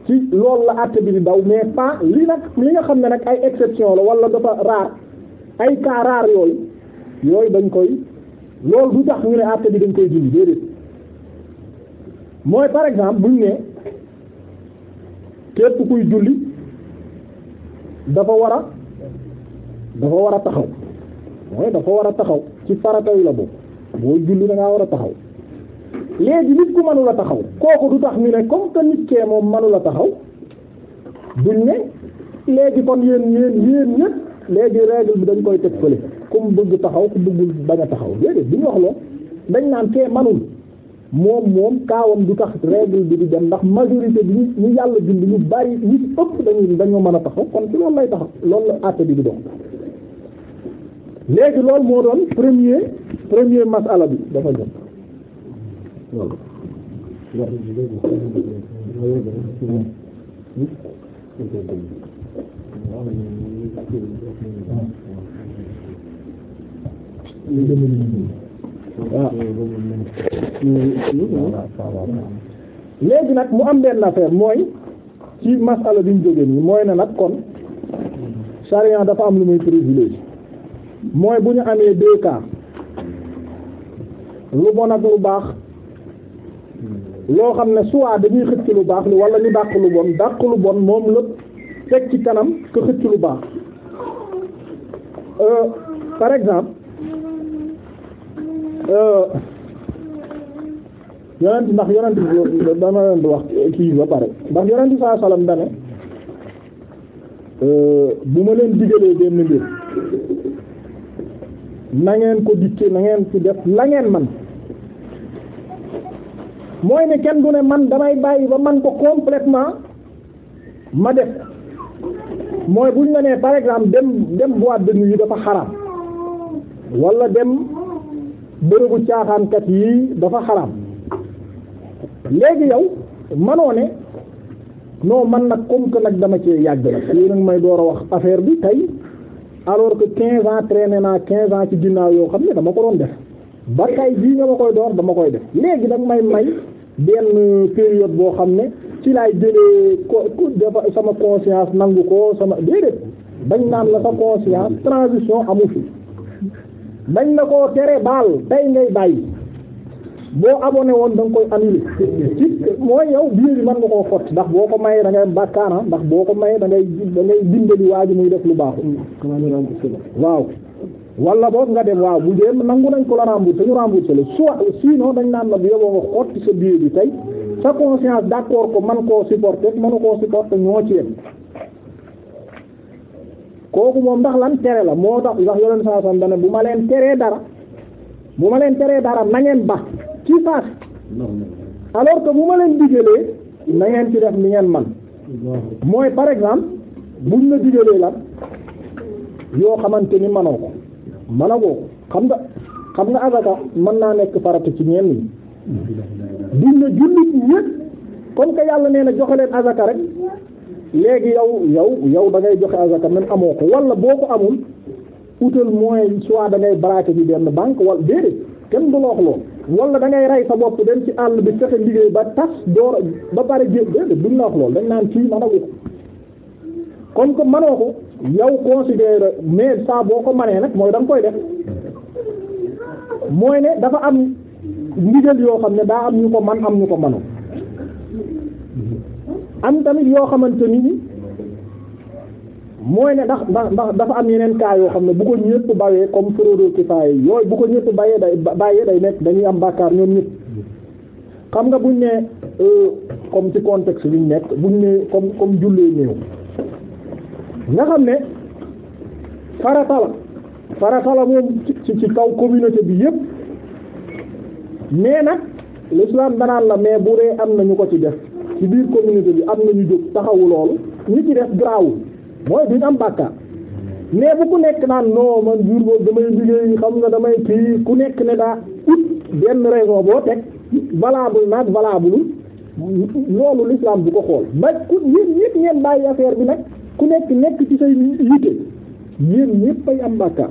ci lool la àtte bi di daw mais pas li nag li nga xam ne nag ay exception la wala dafa raar ay cas raar yooyu yooyu dañ koy lool du tax ñu ne àtte bi dañ koy dindi déedéet mooy par exemple buñ ne képp kuy julli dafa war a dafa war a taxaw mooy dafa war a taxaw ci farata yi la boobu boo julli da ngaa war a taxaw léegi nit ku a taxaw kooku du tax ñu ne comme que nit kee moom mënula taxaw duñ ne léegi kon yéen yéen yéen ñëpp léegi règle bi dañ koy teg fële ku mu bëgg taxaw ku bëggul bañ a taxaw léegi duñ wax lool dañ naan ke mënul moom moom kaawam du tax règle bi di dem ndax majorité bi ñu ñu yàlla bind ñu bari ñu ci ëpp dañuy dañoo mën a tax kon ci loolu lay taxaw loolu la àtte bi di doon léegi loolu moo doon premier premier masala bi dafa jot léegi nag mu am benn affaire mooy ci masala bi ñu jógee nii mooy na nag kon charia dafa am lu muy privilège mooy bu ñu amee deux cas lu bon ak lu baax loo xam ne soit dañuy xëcc lu baax li wala ñu dàq lu bon dàq lu bon moom lépp teg ci kanam ko xëcc lu baax euh, par exemple Euh, yonent ndax yonent dama leen di wax kii ba pare ndax yonent saa salaam dane euh, bu ma leen digalee benn mbir na ngeen ko dikkee na ngeen ci def langeen man mooy ne kenn du ne man damay bàyyi ba man ko complètement ma def mooy buñ la nee par exemple dem dem boîte de nuit yi dafa xaraam wala dem bërëbu caaxaankat yi dafa xaraam léegi yow manoo ne non man nag comme que nag dama cee yàgg la fii nag may door a wax affaire bi tey alors que quinze ans traîné naa quinze ans ci ginnaaw yoo xam ne dama ko doon def ba bii nga ma koy door dama koy def léegi nag may may benn période boo xam ne ci laay jëlee ko dafa sama conscience nangu ko sama déedéet bañ naan la sa conscience transition amu fi dañ na ko tere baal tey ngay bàyyi boo abonné woon dañ koy annulé ci mooy yow biir bi mën nga koo fot ndax boo ko mayee da ngay bàkkaana ndax boo ko mayee da ngay da ngay dindali waa ji muy def lu baaxul waaw wala boog nga dem waaw bu dee nangu nañ ko la remboursé ñu remboursé la soit sinon dañ naan la bu yoboo nga xotti sa biir bi tey sa conscience d'accord ko man koo supporter manu koo supporter ñoo ci yem kooku moom ndax lan tere la moo tax ndax yoneen saa sam dana bu ma leen teree dara bu ma leen teree dara nangeen ngeen ba ci saas alors que bu ma leen digalee na ci def ni ngeen man mooy par exemple buñ la digalee lan yoo xamante ni manoo ko managoo ko xam nga xam nga azaka mën naa nekk farata ci ñenn ñi buñ la jullit ñépp comme que yàlla nee na joxe leen azaka rek léegi yow yow yow da ngay joxe azaka même amoo ko wala boo ko amul utal moyen soit da ngay braquer bi benn banque wala déedéet kenn du loox lool wala da ngay rey sa bopp dem ci àll bi fexe liggéey ba tas door ba pare jéem déedéet duñ loox lool dañ naan kii mënagu ko comme que mënoo ko yow considéré mais saa boo ko mënee nag mooy da koy def mooy ne dafa am ndigal yoo xam ne daa am ñu ko man am ñu ko mënul. am tamit yoo xamante ni mooy ne ndax ndax ndax dafa am yeneen kaa yoo xam ne bu ko ñëpp bàyyee comme fraude kifaaya yooyu bu ko ñëpp bàyyee day bàyyee day nekk dañuy am bàkkaar ñoom ñëpp xam nga buñ ne euh, comme ci contexte bi nekk buñ ne comme comme jullee néew nga xam ne farata la moom ci ci kaw communauté bi yëpp mais nag l'islam danaan la mais bu dee am na ñu ko ci def. ci biir communauté bi am nañu jóg taxawu loolu ñi ci def garaawul mooy duñ am bàkkaar mais bu ku nekk naan non man jur boobu damay liggéey xam nga damay kii ku nekk ne daa ut benn raison boo teg valable naag valable loolu l'islam bu ko xool ba ku yéen ñëpp ngeen bàyyi affaire bi nag ku nekk nekk ci say
yitte
yéen ñëpp ay am bàkkaar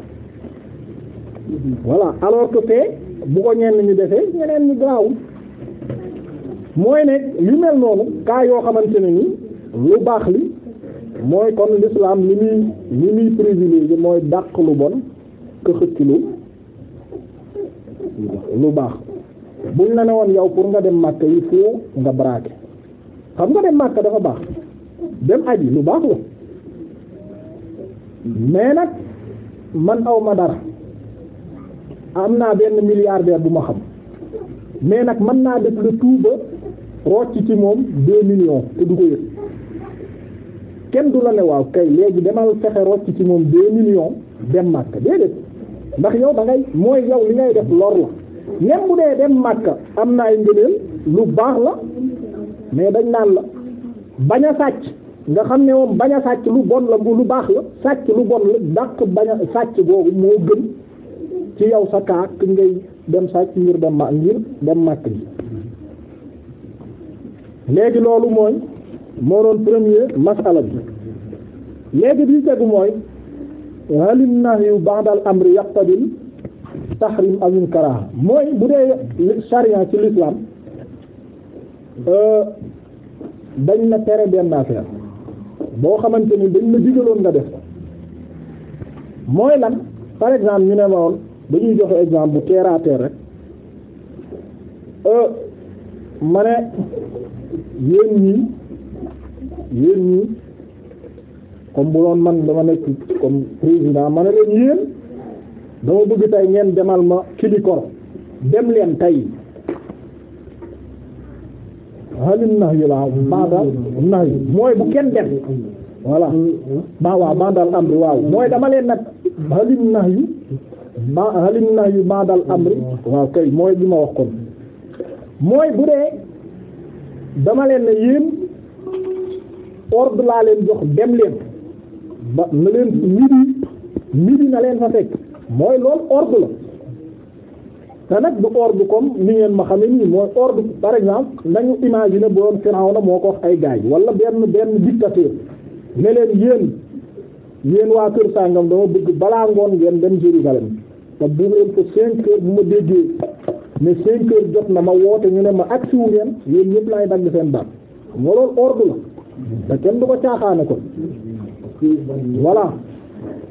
voilà alors que fee bu ko ñenn ñu defee ñeneen ñu garaawul mooy ne yu mel noonu kaa yoo xamante ne ni lu baax li mooy kon l'islam ni muy ni muy privilégié mooy dàq lu bon que xëcc lu baax buñ na ne woon yow pour nga dem Makka yi foo nga braqué xam nga dem Makka dafa baax dem yi lu baax la mais nag man aw dara am naa benn milliardaire bu ma xam mais nag mën naa def le tout rocc ci moom deux millions te du ko yëg kenn du la ne waaw kay léegi demal fexe rocc ci moom deux millions dem Makka déedéet ndax yow da ngay mooy yow li ngay def lor la même bu dee dem Makka am na ay ngëneel lu baax la mais dañ naan la bañ a sàcc nga xam ne woon bañ a sàcc lu bon la lu baax la sàcc lu bon la dàq bañ sàcc boobu moo gën ci yow sa kaak ngay dem sàcc ngir dem ma ngir dem Makka ji léegi loolu mooy moo doon premier masala bi léegi bi tegu mooy halin nahyu ba'dal amri yaqtadil tahrim aw karaha mooy bu dee charia ci l'islam euh, dañ la tere benn boo xamante ni dañ la digaloon nga def ko mooy lan par exemple ñu ne ma woon dañuy joxe exemple bu terre à rek euh, ma ne yéen ñii yéen ñii comme bu doon man dama nekk comme président ma ne leen yéen dama bëgg tey ngeen demal ma Kilikoro dem leen tey halin nax yi laa bandal nax yi mooy bu kenn dem voilà mm-hmm. ba waaw bandal amri waaw mooy dama leen nag halin nax yi ba halin nax yi bandal amri mm-hmm. waaw kay mooy bi ma wax kon mooy bu dee dama leen ne yéen ordre laa leen jox dem leen ba na leen midi midi na leen fa fekk mooy lool ordre la te nag du ordre comme ni ngeen ma xamee nii mooy ordre par exemple nañu imaginer bu doon Firawna moo ko ay gaañ wala benn benn dictateur ne leen yéen yéen waa kër sàngam dama bëgg balaa ngoon ngeen dem Jérusalem te bu leen ko cinq heures bu ma déggee ne cinq heures jot na ma woote ñu ne ma agsi wu ngeen yéen ñëpp laay dagg seen baat ma loolu ordre la te kenn du ko caaxaane ko voilà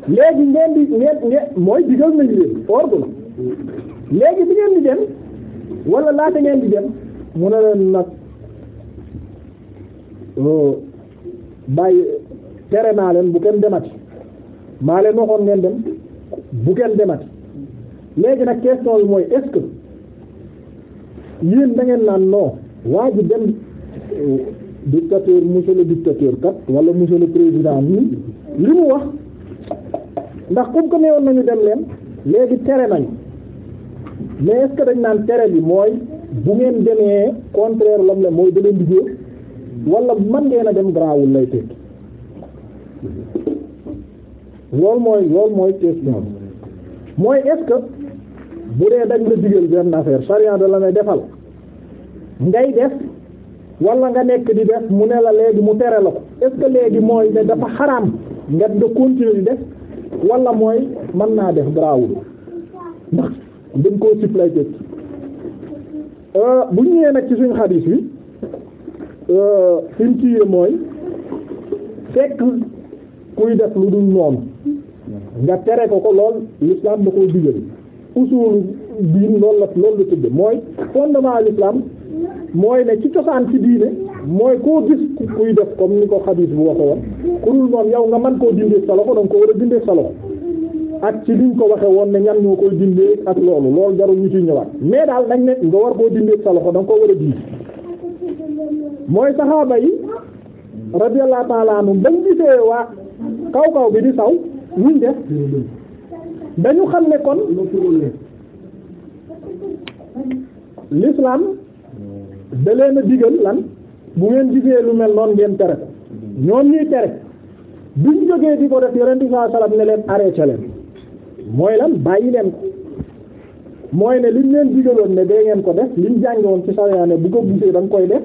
léegi ngeen di ngeen ngeen mooy digal nañ leen ordre la léegi bi ngeen di dem wala laata ngeen di dem mu ne leen nag euh, bàyyi tere naa leen bu kenn demati maa leen waxoon ngeen dem bu kenn demati léegi nag question bi mooy est yéen da ngeen naan non waa ji dem euh, dictateur monsieur le dictateur kat wala monsieur le président nii li mu wax ndax comme que woon nañu dem leen léegi tere nañ mais est-ce dañ naan tere bi mooy bu ngeen demee contraire lam la mooy da leen di jóor wala man ngeen a dem garaawul lay teg loolu mooy loolu mooy question mooy est bu dee dañ la digal benn affaire charia da la ne defal ngay def wala nga nekk di def mu ne la léegi mu tere la ko est-ce léegi mooy ne dafa xaraam nga nga continuer di def wala mooy man naa def garaawul ndax dañ koo suppléé euh, ci bu ñëwee nag ci suñu xadiis bi euh, fi mu mooy fekk kuy def lu dul noonu nga tere ko ko lool l'islam da koo digal. usul diin lool la loolu la tudde mooy fondement l'islam mooy ne ci cosaan ci diine mooy koo gis kuy def comme ni ko xadis bu waxe woon ku dul moom yow nga man koo dindee sa loxo danga ko war a dindee sa loxo ak ci liñ ko waxe woon ne ñan moo koy dindee ak loolu loolu jarul ñu ci ñëwaat mais daal dañ ne nga war koo dindee sa loxo danga ko war a diis mooy saxaaba yi radiyallahu ta'ala anhum bañ gisee waa kaw kaw bi di saw ñu def dañu xam ne kon l'islam da leen a digal lan bu ngeen gisee lu mel noonu ngeen tere ko ñoom ñuy tere bi ñu jógee di ko def yonent bi sallallahu alayhi ne leen arrêté leen mooy lan bàyyi leen ko mooy ne liñ leen digaloon ne dee ngeen ko def liñ jàngoon ci sariya ne bu ko gisee da koy def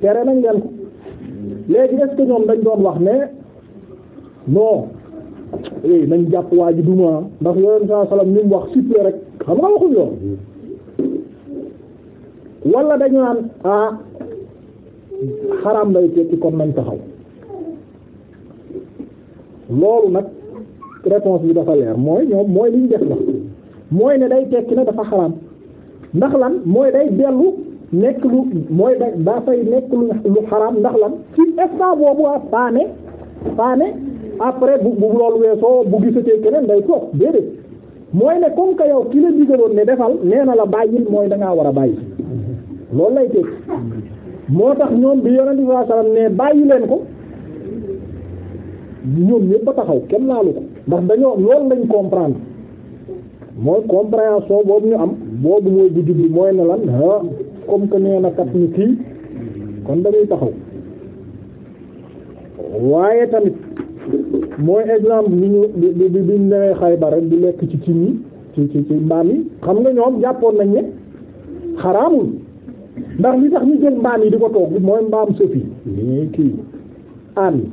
tere nañ leen ko léegi est-ce ñoom dañ doon wax ne non eh nañ jàpp waa ji duma ndax yooyu saa salaam ni mu wax sifflé rek xam nga waxuñ yoon wala dañu naan ah xaraam lay tekki kon nañ taxaw loolu nag réponse bi dafa leer mooy ñoom mooy liñ def la mooy ne day tekki na dafa xaraam ndax lan mooy day dellu nekk lu mooy da daa nekk lu lu xaraam ndax lan ci instant boobu ah paane paane. après bu bu loolu weesoo bu day toog déedéet mooy ne comme que yow ki la digaloon ne defal nee na la bàyyil mooy da war a bàyyi loolu lay teg moo tax ñoom bi yonent bi sallallahu alayhi wasallam ne bàyyi ko ñoom ñépp a taxaw kenn laalu ko ndax dañoo loolu lañ comprendre mooy compréhension boobu ñu am boobu mooy bu mooy ne comme que nee na kat ñu kii kon dañuy taxaw waaye tamit mooy exemple bi ñu bi bi bi newee Xaybar rek di lekk ci cin yi ci ci ci mbaam yi xam nga ñoom jàppoon nañ ne xaraamul ndax li tax ñu jël mbaam yi di ko toog mooy mbaam sëf yi kii aan yi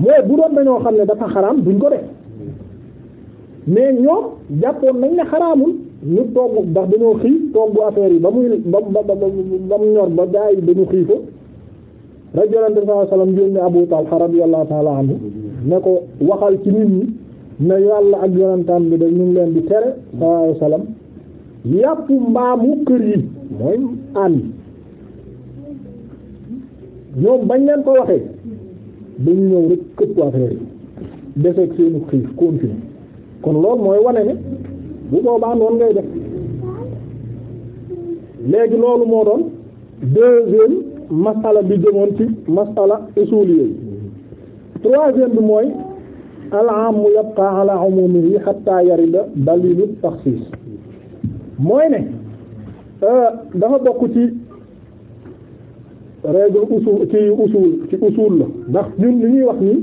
mooy bu doon xam ne dafa xaraam duñ ko def mais ñoom jàppoon nañ ne xaraamul ñu togg ndax dañoo xii togg yi ba mu ñor ba gaa rek yonent bi sallallahu alayhi wasallam yónni Abu Talha radiyallahu ta'ala anhu ne ko waxal ci nit ñi ne yàlla ak yonentam bi da ñu ngi leen di tere sallallahu alayhi wasallam yàpp mbaamu kër yi mooy ànd ñoom bañ leen ko waxee dañ ñëw rek këpp affaire yi deseeg seenu xiif continué kon loolu mooy wane ne bu boobaa noonu ngay def léegi loolu moo doon deuxième masala bi jëmoon ci masala usuliyya troisième bi mooy al-ammu yabqa ala umumihi hatta yarida dalilu takhsis mooy ne euh, dafa bokk ci règle usul ci usul ci usul la ndax ñun li ñuy wax nii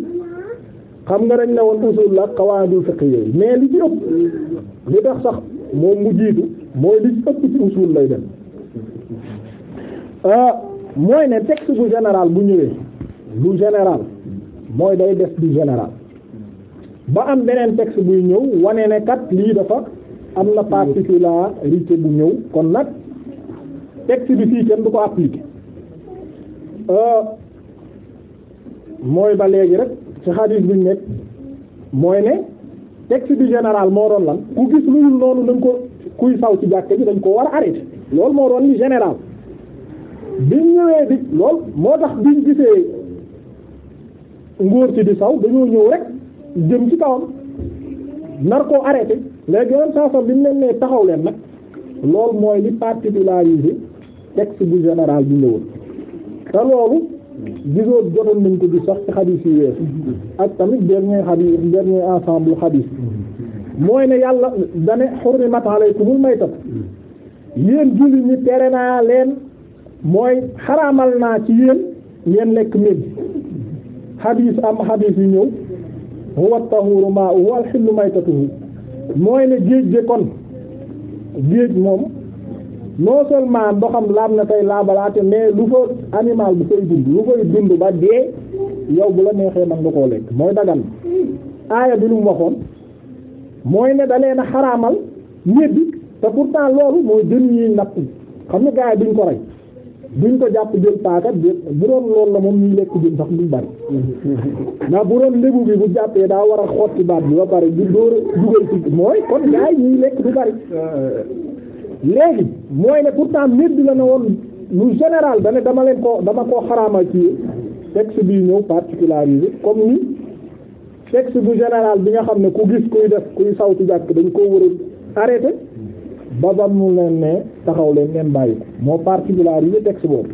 xam nga dañ ne woon usul la qawaidul fiqhiyya mais li ci ëpp li tax sax moom mu jiitu mooy li ëpp ci usul lay dem euh, mooy ne texte bu général bu ñëwee lu général mooy day def du général ba am beneen texte buy ñëw wane ne kat lii dafa am na particularité bu ñëw kon nag texte bi fii kenn du ko appliquer euh, mooy ba léegi rek ci xadiis bi nekk mooy ne texte bi général moo doon lan ku gis lu noonu dañ ko kuy saw ci jàkke bi dañ ko war a arrêter loolu moo doon li général biñ ñëwee di lool moo tax biñ gisee ngóor si di saw dañoo ñëw rek jëm ci kawam nar koo arrêté léegi yoon saa sax biñ leen nee taxaw leen nag loolu mooy li particularisé texte bu général bi ñëwoon te loolu gisoo jotoon nañ ko di sax ci xadiis yi weesu ak tamit dernier xadiis dernier ensemble xadiis mooy ne yàlla dane xurrimat alaykumul maytat yéen julli ñi tere naa leen mooy xaraamal naa ci yéen ngeen lekk mil xadiis am xadiis yu ñëw huwa tahuru ma huwa alxillu maytatuhu mooy ne géej de kon géej moom non seulement ndoxam laab na tey laabalaate mais lu fa animal bu koy dund lu koy dund ba dee yow bu la neexee man nga koo lekk mooy dagan aaya bi lu waxoon mooy ne da leen a xaraamal ñépp te pourtant loolu mooy jën yi napp xam ne gaa yi duñ ko rey duñ ko jàpp jël paaka bu doon loolu la moom ñuy lekk jën sax duñ bari ndax bu doon lébu bi bu jàppee daa war a xotti baat bi ba pare du dóor dugal ci mooy kon gaay ñuy lekk du bari léegi mooy ne pourtant médd la ne woon lu général dane dama leen ko dama koo xaraamal ci texte bi ñëw particularisé comme ni texte bu général bi nga xam ne ku gis kuy def kuy saw ci jàkk dañ koo war a arrêté dagal mu leen ne taxaw leen ngeen bàyyi ko moo particularité texte boobu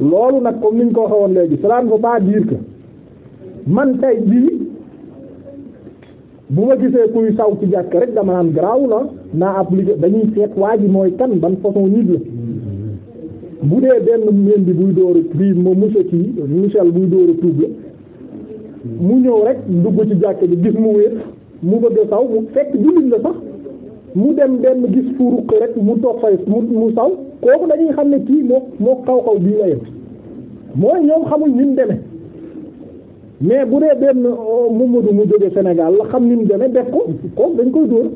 loolu nag comme niñ ko waxoon léegi cela ne veut pas dire que man tey jii bu ma gisee kuy saw ci jàkk rek dama naan garaaw la naa appliqué dañuy seet waa ji mooy kan ban façon nit la bu dee benn meen bi buy door a bii moom monsieur kii Michel buy door a tuub la mu ñëw rek dugg ci jàkk bi gis mu wéet mu bëgg a saw mu fekk jullit la sax mu dem benn gis fu ruq rek mu toog fay mu mu saw kooku dañuy xam ne kii moo moo kaw kaw bii wayam mooy ñoom xamul ni deme demee mais bu dee benn euh, Momadou mu jóge Sénégal la xam ni mu def ko kook dañ koy dóor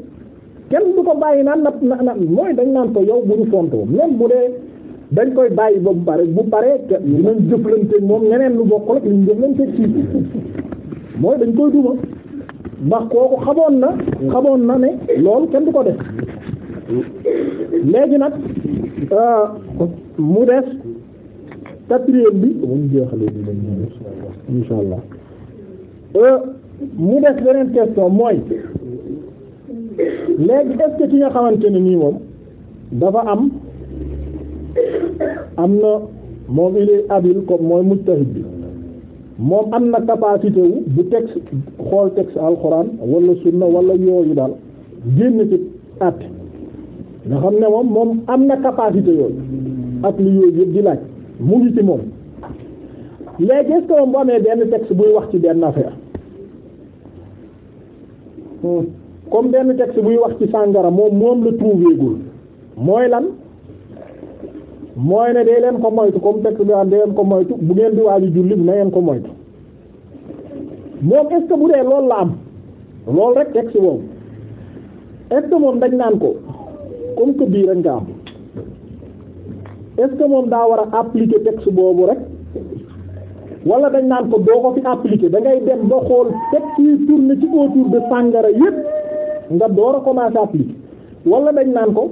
kenn du ko bàyyi naan na na na mooy dañ naan ko yow bu ñu fontoo même bu dee dañ koy bàyyi ba bu pare bu pare dinañ jëflante moom ñeneen lu bokkul ak li ñu jëflante kii mooy dañ koy duma ndax kooku xamoon na xamoon na ne loolu kenn du ko def léegi nag euh, mu des quatrième bi mu jeexale bi insha allah euh, mu des beneen question mooy léegi est-ce que ki nga xamante ne nii moom dafa am am na moom il est habile comme mooy mujtahid bi moom am na capacité bu texte xool texte alxuraan wala sunna wala yooyu daal génn ci at nga xam ne moom moom am na capacité yooyu ak lu yooyu di laaj mu ngi ci moom léegi est-ce que moom bu amee benn texte buy wax ci benn affaire hmm. comme benn texte buy wax ci sàngara moom moom la trouvé gul mooy lan mooy ne dee leen ko moytu comme texte bi am dee leen ko moytu bu ngeen di waaju julli na ngeen ko moytu moom est-ce que bu dee loolu la am loolu rek texte boobu est moom dañ naan ko comme que bii rek nga am ce que moom daa war a appliquer texte boobu rek wala dañ naan ko doo ko fi appliquer da ngay dem ba xool texte yi tourner ci autour de sàngara yépp nga door a commencer appliquer wala dañ naan ko.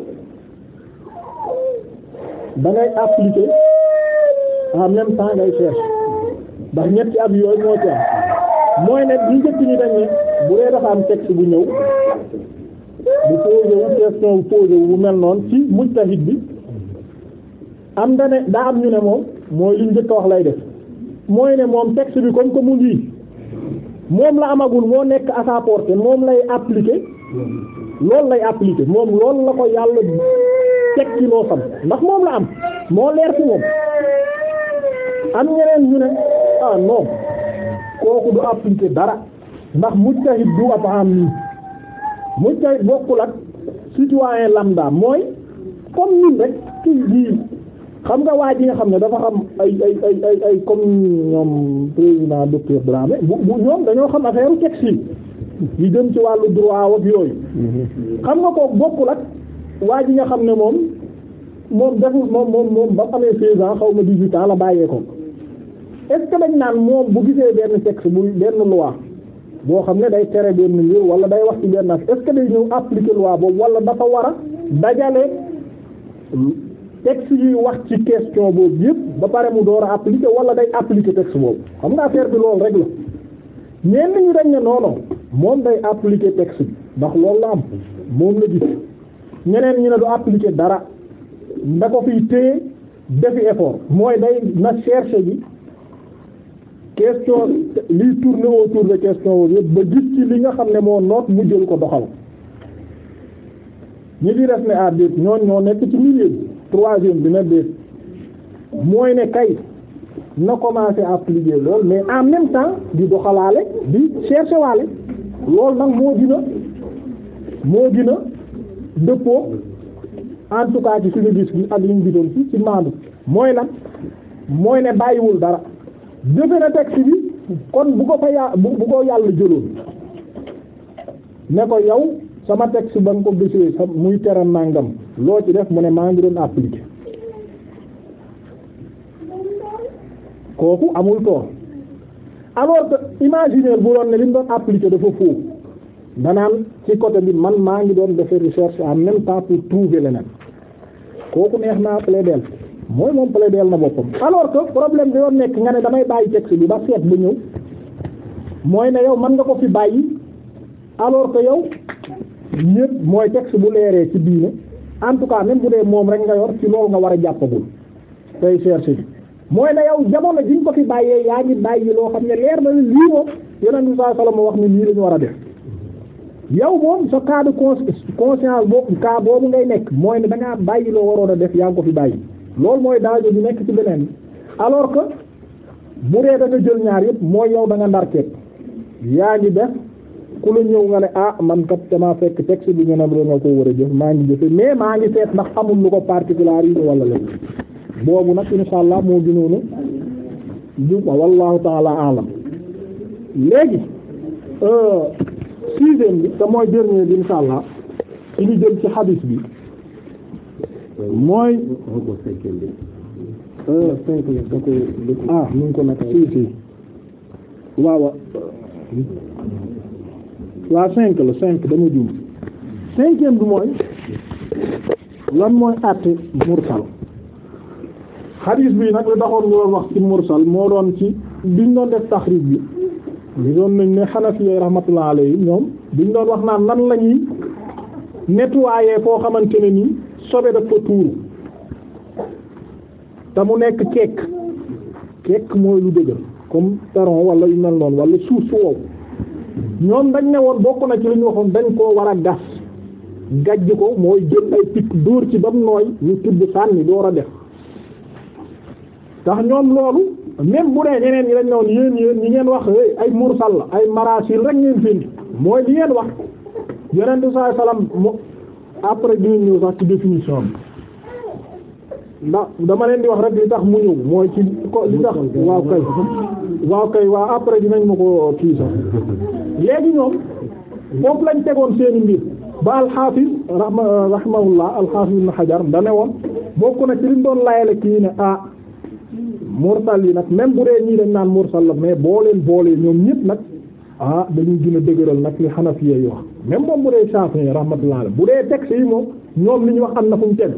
da ngay appliquer en même temps ngay chercher ndax ñetti ab yooyu moo ci am mooy ne ñu njëkk ñi dañ ne bu dee dafa am bu ñëw bu posé wu question bu posé wu bu mel noonu ci mujtahid bi am da ne daa am ñu ne moom mooy li njëkk wax lay def mooy ne moom texte bi comme que mu moom la amagul moo nekk à sa moom lay applike loolu lay appliquer moom lool la ko yàlla. teg ci loosam ndax moom la am moo leer ci moom am ñeneen ñu ne ah kooku du appliquer dara ndax mujtahid du ab am nii mujtahid bokkul ak citoyen lambda mooy comme ñun rek ci ji xam nga waa ji nga xam ne dafa xam ay ay ay ay comme ñoom président docteur Dramé bu bu dañoo xam affaire texte yi jëm ci wàllu droit ak yooyu
mm-hmm.
xam nga kooku bokkul ak. waa ji nga xam ne moom moom deful moom moom moom ba amee 16 xaw ma 18 ans la bàyyee ko est dañ naan moom bu gisee benn texte bu benn loi boo xam ne day tere benn mbir wala day wax ci benn affaire est-ce que day ñëw appliquer loi boobu wala dafa war a dajale texte yuy wax ci question boobu yëpp ba pare mu door a appliquer wala day appliquer texte boobu xam nga affaire bi loolu rek la ñenn ñu dañ ne non moom day applique texte bi ndax loolu la am moom la gis. ñeneen ñu ne du appliquer dara nda ko fiy téye defi effort mooy day na chercher gi question liy tourner autour de question yëpp ba gis ci li nga xam ne moo noot ñu jël ko doxal ñi di def ne ah ñooñ ñoo nekk ci milieu bi troisième bi mooy ne kay na commencer appliquer lool mais en même temps di doxalaale di chercher waale loolu nag moo gën moo gën dëppoo en tout cas ci suñu gis gi ak li ñu gisoon ci ci maandu mooy lan mooy ne bàyyiwul dara jëfe na texte bi kon bu ko fa ya bu ko yàlla jëloon ne ko yow sama texte ba nga ko bésee sa muy tere nàngam loo ci def mu ne maa ngi doon appliquer kooku amul tort alors que imaginaire bu doon ne li mu doon appliquer dafa faux danaan ci côté bi man maa ngi doon defee recherche en même temps pour trouver leneen kooku neex naa plaidel mooy moom plaidel na boppam alors que problème bi yoon nekk nga ne damay bàyyi texte bi ba seet bu ñëw mooy na yow man nga ko fi bàyyi alors que yow ñépp mooy texte bu leeree ci diine en tout cas même bu dee moom rek nga yor ci loolu nga war a jàppagul tey chercher bi mooy ne yow jamono jiñ ko fi bàyyee yaa ngi bàyyi loo xam ne leer na lii moom yeneen bi saa sallam wax ni nii lañu war a def yow moom sa cas de conscience boobu cas boobu ngay nekk mooy ne da ngaa loo waroon a def yaa ngi ko fi bàyyi loolu mooy danger bi nekk ci beneen alors que bu dee da jël ñaar yëpp mooy yow da nga ndar kepp yaa ngi def ku la ñëw nga ne ah man kat damaa fekk texte bi ñu ne la nga ko war a jëf maa ngi jëfe mais maa ngi seet ndax amul lu ko particularité wala lépp boobu nag insha allah moo gënoon a jub wallahu taala alam léegi. Euh, sixième bi te mooy dernier bi insha ci li jëm ci xadis bi mooy euh, ah si si waaw waaw cinq la cinq dama jum cinquième bi mooy lan mooy àtte mursal xadis bi nag li taxoon ñu wax ci mursal moo doon ci biñ doon def taxrib bi gisoon nañ ne xanafi yi rahmatullah alayhi ñoom duñ doon wax naan nan la ñuy nettoyer foo xamante ne nii sobe daf fa tuuru te mu nekk kekk kekk mooy lu dëgër comme taron wala yu mel noonu walla suuf su wow ñoom dañ ne woon bokk na ci li waxoon dañ koo war a gas gajj ko mooy jël ay picc dóor ci ba mu nooy ñu tibb sànni door a def tax ñoom loolu. même bu dee ñeneen ñi dañ ne woon yéen ngeen wax eh, ay mursal la ay marasil rek ngeen findi mooy li ngeen wax yonent bi sallallahu alayhi wasallam après dinañ ñëw sax ci définition bi ndax dama leen di wax rek li tax mu ñëw mooy ci ko li tax waaw kay waaw kay waaw après nañ ma ko kii sax léegi ñoom foofu lañ tegoon seeni mbir ba alxaafis rahma rahmahullah alxaafis ibn Hajar da ne woon bokk na ci liñ doon layale kii ne ah mursal yi nag même bu dee ñii dañ naan mursal la mais boo leen boolee ñoom ñëpp nag ah dañuy gën a dëgëral nag li Hanafiya yi wax même moom bu dee Shafi'i yi rahmatullah bu dee texte yi moom ñoom li ñu wax am na fu mu tegu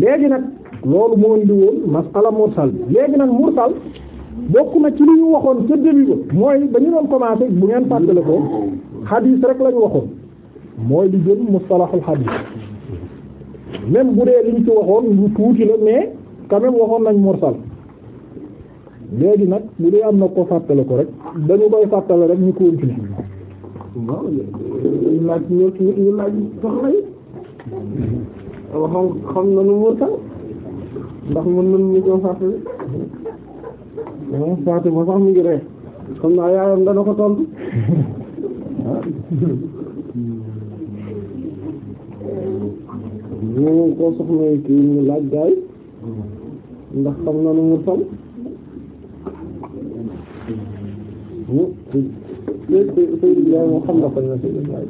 léegi nag loolu moo indi woon masala mursal bi léegi nag mursal bokk na ci li ñu waxoon ca début ba mooy ba ñu doon commencé bu ngeen fàttale ko xadiis rek la ñu waxoon mooy di jël mustalahul xadiis même bu dee liñ ci waxoon lu tuuti quand même waxoon nañ mursal léegi nag bu dee am na ko fàttale ko rek dañu koy fàttale rek ñu continuer
waaw laaj soxla yi waxam xam nañu mursal ndax mën nañu ñu ko fàttali
fàtte ba sax mu yaayam dana ko tontu ñu ko soxla kii ñu laaj gaay ndax xam na nu mursal Seydou Ndiaye moom xam na ko ne Seydou Ndiaye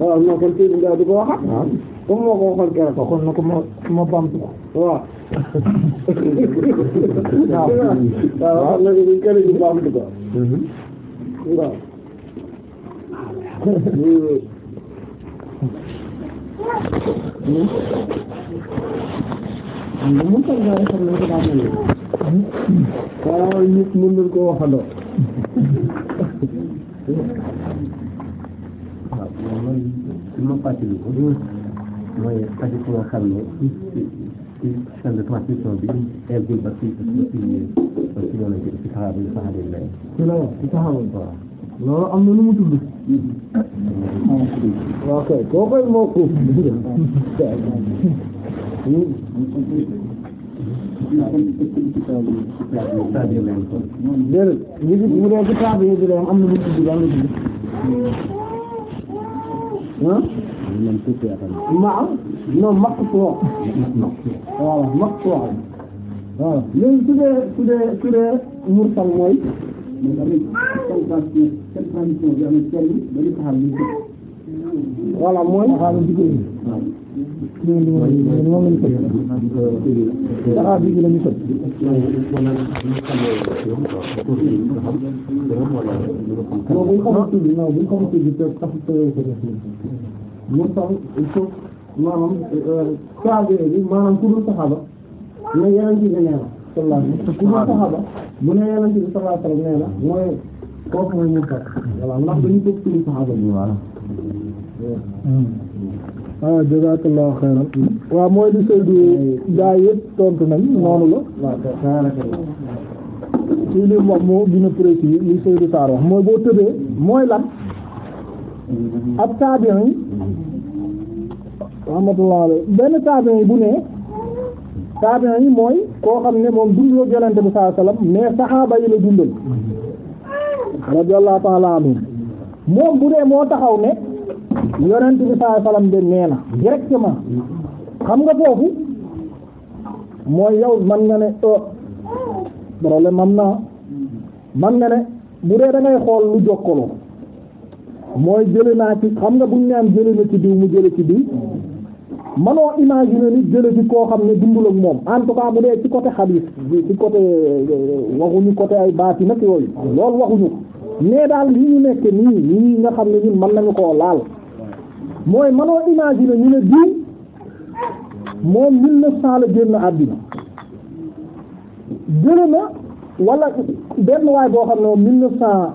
waaw non kon Seydou Ndiaye du ko waxat comme moo ko waxoon keroog waxoon na ko ma ma bamtu ko waaw waaw
xam na ko keroog ñu bamtu ko mhm. waaw nga mun ko doon a nañ ko daa mel waaw nit mën nañ ko waxandoo waaw man li ma fàttali ko mooy xaji ko nga xam ne ci chaîne de transmission bi eggul ba ci ci ci yoon ci ci saxaaba yi saxaaba yi lay ci la lu mu tudd mm-hmm. *laughs* déedéet li ci bu dee ci taabu yi bi am na lu tudd daal la
tudd. ah. maa non maqtuuc waaw maqtuuc waaw léegi su dee su dee su dee mursal mooy. voilà mooy.
moom lañ tëj dara bi la ñu tëj non buñ xamul
tur bi non buñ xamul tur bi te taxul moom tam il faut maanaam saxaaba bi maanaam ku dul saxaaba ne yeneen ci nee na sallallahu ku dul saxaaba bu ne yeneen ci sallallahu alayhi wa sallam nee na mooy kooku mooy murtad voilà ndax dañu tëj turu saxaaba bi voilà hmm. ah jazakallahu xayran waaw mooy di Seydou gaa yëpp tontu nañ noonu la ci li mu wax moo gën a précis li Seydou Sarr wax mooy boo tëbee mooy lan
ab taabiin yi
rahmatullah alayhi benn taabiin yi bu ne taabiin yi mooy koo xam ne moom dundoo yonent bi sallallahu alayhi wasallam mais saxaaba yi la dundal radiyallahu ta'ala anhu moom bu dee moo taxaw ne yonent bi saa salaam de nee na directement xam nga foofu mooy yow man nga ne oh, problème am naa man nga ne bu dee da ngay xool lu jokkaloo mooy jële naa ci xam nga bu ñu naan jële na ci diw mu jële ci diw manoo imaginer nit jële ci koo xam ne dundul ak moom en tout cas bu dee ci côté xadiis ci côté euh, waxuñu côté ay baati nag yooyu loolu waxuñu mais daal li ñu nekk nii nii nga xam ne ñun mën nañu koo laal mooy manoo imaginer ñu ne diw moom mille neuf cent la génn àddina jële na wala benn waay boo xam ne moom mille neuf cent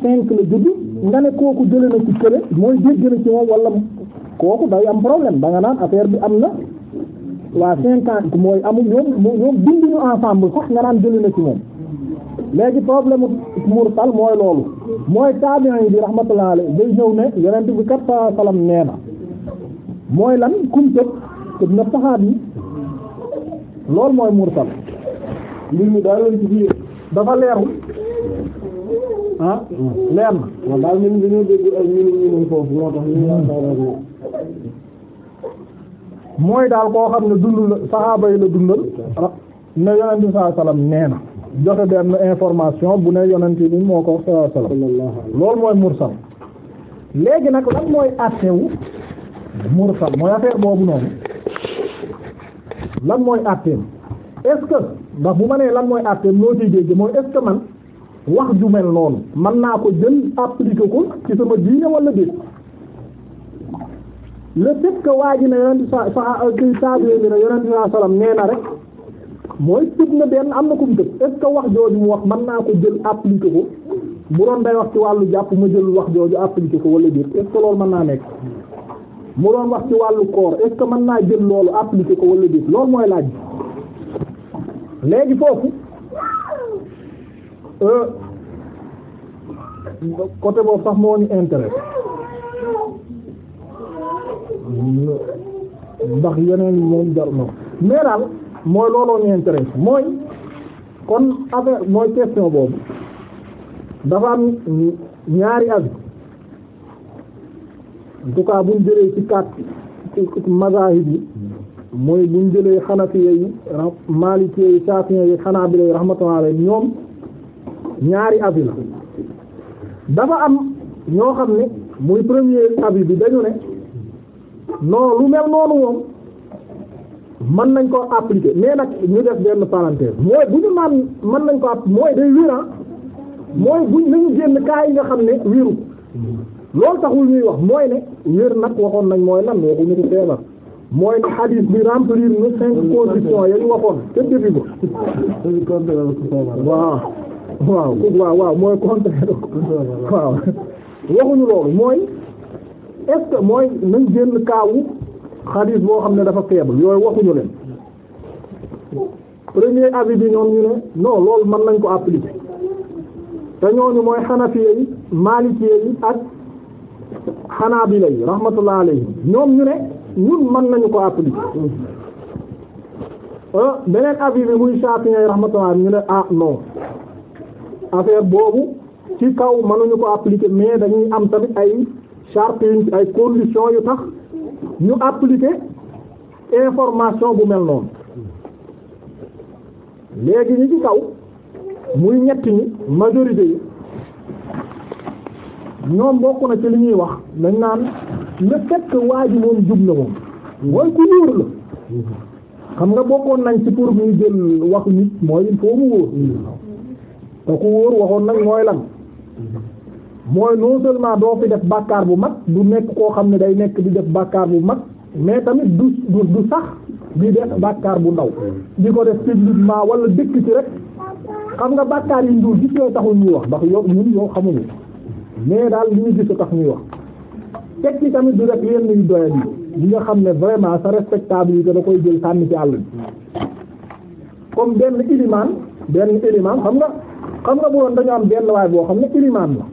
cinq la judd nga ne kooku jële na ci kële mooy dégg na ci moom wala kooku day am problème ba nga naan affaire bi am na waa cinquante mooy amul ñoom ñoom binduñu ensemble sax nga naan jële na ci moom léegi problème mursal mooy loolu mooy taabi'in yi bi rahmatullah alayhi day ñëw ne yonent bi kat salam nee mooy lan kum na saxaabi loolu mooy mursal mbir mi daal lañ ci dafa leeru ah leer na daal ñun moo mooy daal koo xam ne dund la saxaaba yi la dundal ne yonent bi sallam nee na joxe benn information bu ne yonent bi moo ko sallallahu alayhi wa sallam loolu mooy mursal léegi nag lan mooy attewu mursal mooy affaire boobu noonu lan mooy atteem est-ce que ndax bu ma nee lan mooy atteem loo ciy dégg mooy man wax ju mel noonu mën naa ko jël appliquer ko ci sama diine wala déet le fait que waa ji ne yonent sa sa kii taabee bi ne yonent sallam nee rek mooy tëb na benn am na ko mu tëb est ce wax jooju mu wax man naa ko jël appliquer ko bu doon day wax ci wàllu jàpp ma jël wax jooju appliquer ko wala déet est ce loolu mën naa nekk mu doon wax ci wàllu koor est ce mën naa jël loolu appliquer ko wala déet loolu mooy laaj bi léegi foofu euh, côté boobu sax moo ñu intérêt ndax yeneen moom jar na mooy looloo ñu intéresse mooy kon affaire mooy question boobu dafa am ñaari avis en buñ jëlee ci quatre ci mazahib mooy buñ jëlee xanafiya yi malikiya yi shafiya yi xanaabila yi rahmatullahi alayhim ñoom ñaari avis la dafa am ñoo xam ne muy premier avis bi dañu ne non lu mel noonu moom man nañ ko appliquer mais nag ñu def benn parenthèse mooy bu ñu naan mën nañ ko app mooy day wéran ah mooy buñ nañu génn kaa yi nga xam ne wéru loolu taxul ñuy wax mooy ne wér nag waxoon nañ mooy lan waxuñu ko feebar mooy ne xadiis bi remplir na cinq conditions yañ waxoon te début ba waaw waaw waaw waaw mooy contraire waaw waxuñu loolu mooy est-ce mooy nañ génn kaawu xadiis boo xam ne dafa faible yooyu waxuñu leen premier avis bi ñoom ñu ne non loolu mën nañ ko appliquer te ñooñu mooy xanafiya yi maalikiya yi ak xanaabila yi rahmatullah alayhi ñoom ñu ne ñun mën nañu ko appliquer ah, beneen avis bi muy Shafi'i rahmatullah ñu ne ah no affaire boobu ci kaw mënuñu ko appliquer mais dañuy am tamit ay charte ay conditions yu tax ñu appliquer information bu mel noonu léegi ñi ci kaw muy ñett ñi majorité yi ñoom bokk na ci li ñuy wax nañ naan nga fait que waa ji moom jub na moom mooy ku wóor la xam nga bokkoon nañ ci pour muy jël waxu nit mooy il mu wóor mm. te ku wóor waxoon nañ mooy lan mooy non seulement doo fi def bàkkaar bu mag du nekk koo xam ne day nekk di def bàkkaar bu mag mais tamit du du sax di def bàkkaar bu ndaw di ko def publiquement wala dëkk ci rek xam nga bàkkaar yi nduur taxul ñuy wax ndax yow ñun yow xamuñu mais daal li ñu gis tax muy wax teg ci tamit du rek yenn yu doyat yi ñi nga xam ne vraiment sa respectabilité da koy jël sànni ci àll bi comme benn ilimaan benn ilimaan xam nga xam nga bu doon dañu am benn waay boo xam ne ilimaan la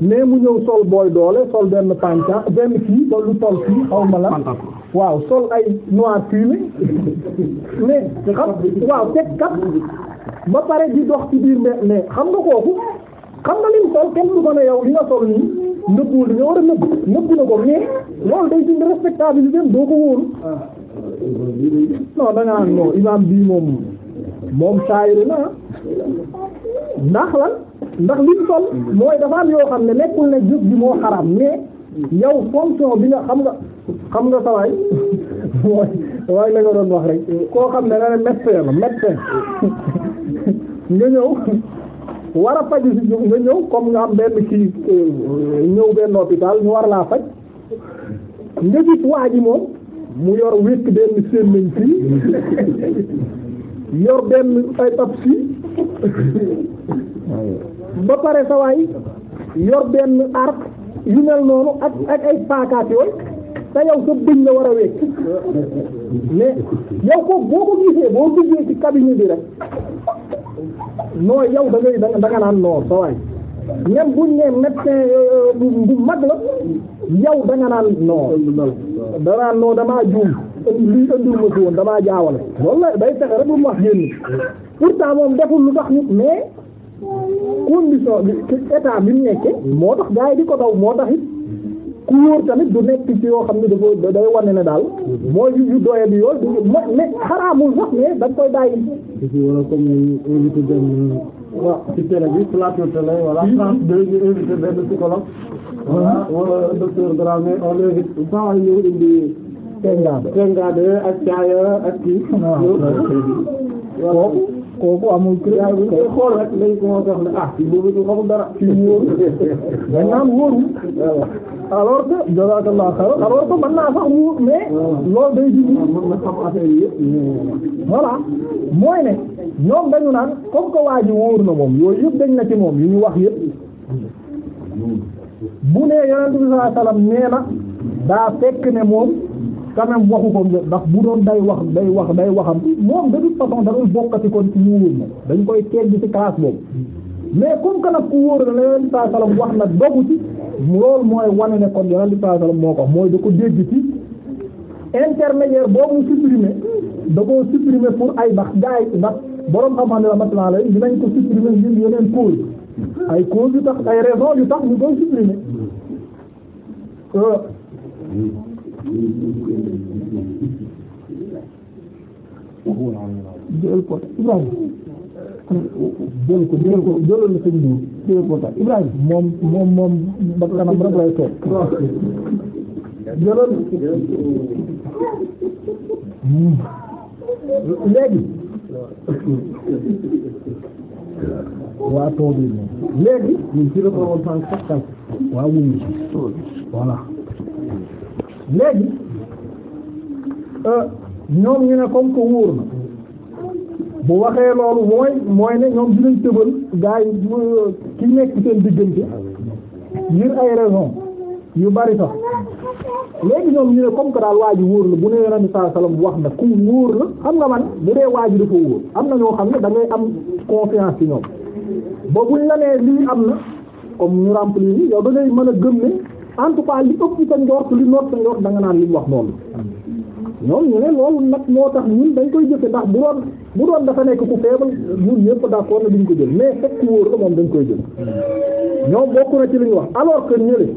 mais mu ñëw sol booy doole sol benn panca benn kii sol lu sol kii xaw ma la waaw sol ay noir fumé mais xam waaw teg kat ba pare di dox ci biir mais mais xam nga kooku xam nga lim sol kenn du ko ne yow li nga sol nii nëbbuwul nga war a nëbb nëbbu na ko mais loolu day dindi respectabilité doo ko wóolu non da ngaa non imaam bii moom moom saayir na ndax lan. ndax li sol mooy dafa am yoo xam ne nekkul ne jëf bi moo xaraam mais yow fonction bi nga xam nga xam nga sawaay *laughs* mooy waaye la nga doon wax rek koo xam ne na ne médecin la médecin *laughs* nga ñëw *laughs* war a faj nga ñëw comme nga am benn kii euh, ñëw benn hôpital ñu war laa faj nga gis waa ji moom mu yor wékk benn seen fii yor benn ay pap fii ba pare sa yor benn arc yu mel noonu ak ak ay paakaat yooyu te yow sa bëñ la war a wékk mais yow ko boo ko gisee boo duggee ci cabinet bi rek
non yow da
ngay da nga naan noor sa waay même bu ñu nee médecin euh, bu mag la yow da naan noor da naan noor damaa juum lii andiwul ma woon damaa jaawale loolu la day fexe rek bu mu wax génn pourtant moom deful lu tax nit mais. condition bi état bi mu moo tax gars yi di ko daw moo tax it ku wóor tamit du nekk ci yoo xam ne dafa day wane ne daal mooy yu yu doye bi yooyu du ma mais xaraamul sax mais da nga koy bàyyi. wala comme ni invité benn waaw ci télé bi plateau télé voilà France 2 ñu invité benn psychologue voilà wala docteur Dramé on invite saa ñëw kooku amul kër kooku xool rek léegi ko wax ne ah boobu du xamul dara ci wóoru dañ naan wóoru alors que jazakallah alors que mën sax wóor mais loolu day di mën na xam affaire yi voilà mooy ne ñoom dañu naan comme que waa ji wóor moom yooyu yëpp dañ na ci moom yu ñu wax yëpp bu nee yonent daa fekk moom quand même waxu ko ndax bu doon day wax day wax day waxam moom de toute façon dañuy bokkati kon ci ñu wóor dañ koy teg ci classe boobu mais comme que nag ku wóor la leen wax na dogu ci loolu mooy wane ne kon yeneen di saa moo ko mooy da ko dégg ci intermédiaire boobu supprimer da koo supprimer pour ay ndax gaa yi ndax borom xam-xam ne rahmatullah alayhi dinañ ko supprimer ngir yeneen cause ay cause yu tax ay raison yu tax ñu koy supprimer euh, jël ko Ibrahima jël ko jël ko jëloon na sëñ bi jël ko ta Ibrahima moom moom moom ba kanam rek lay toog
jëloon léegi
waa tool yi léegi ñun ci la ko woon sànq sax waaw wuñu voilà léegi euh, ñoom ñu ne comme que wóor na bu waxee loolu mooy mooy ne ñoom dinañ tëbal gaa yi ki nekk seen diggante ngir ay raison yu bari sax léegi ñoom ñu ne comme que daal waa ji wóor la bu nee Yonent bi sallallahu alayhi wasallam wax na ku wóor la xam nga man bu dee waa ji dafa wóor am na ñoo xam ne da am confiance ci ñoom ba buñ la nee lii am na comme ñu remplir yi yow da ngay mën a gëm ne. en tout cas li ëpp sa njort li noot sa njort da naan li mu wax noonu ñoom ñu ne loolu nag moo tax ñun dañ koy jëfe ndax bu doon bu doon dafa nekk ku faible ñun ñëpp d'accord na duñ ko jël mais fekk wóor la moom dañ koy jël ñoom bokk na ci li wax alors que ñële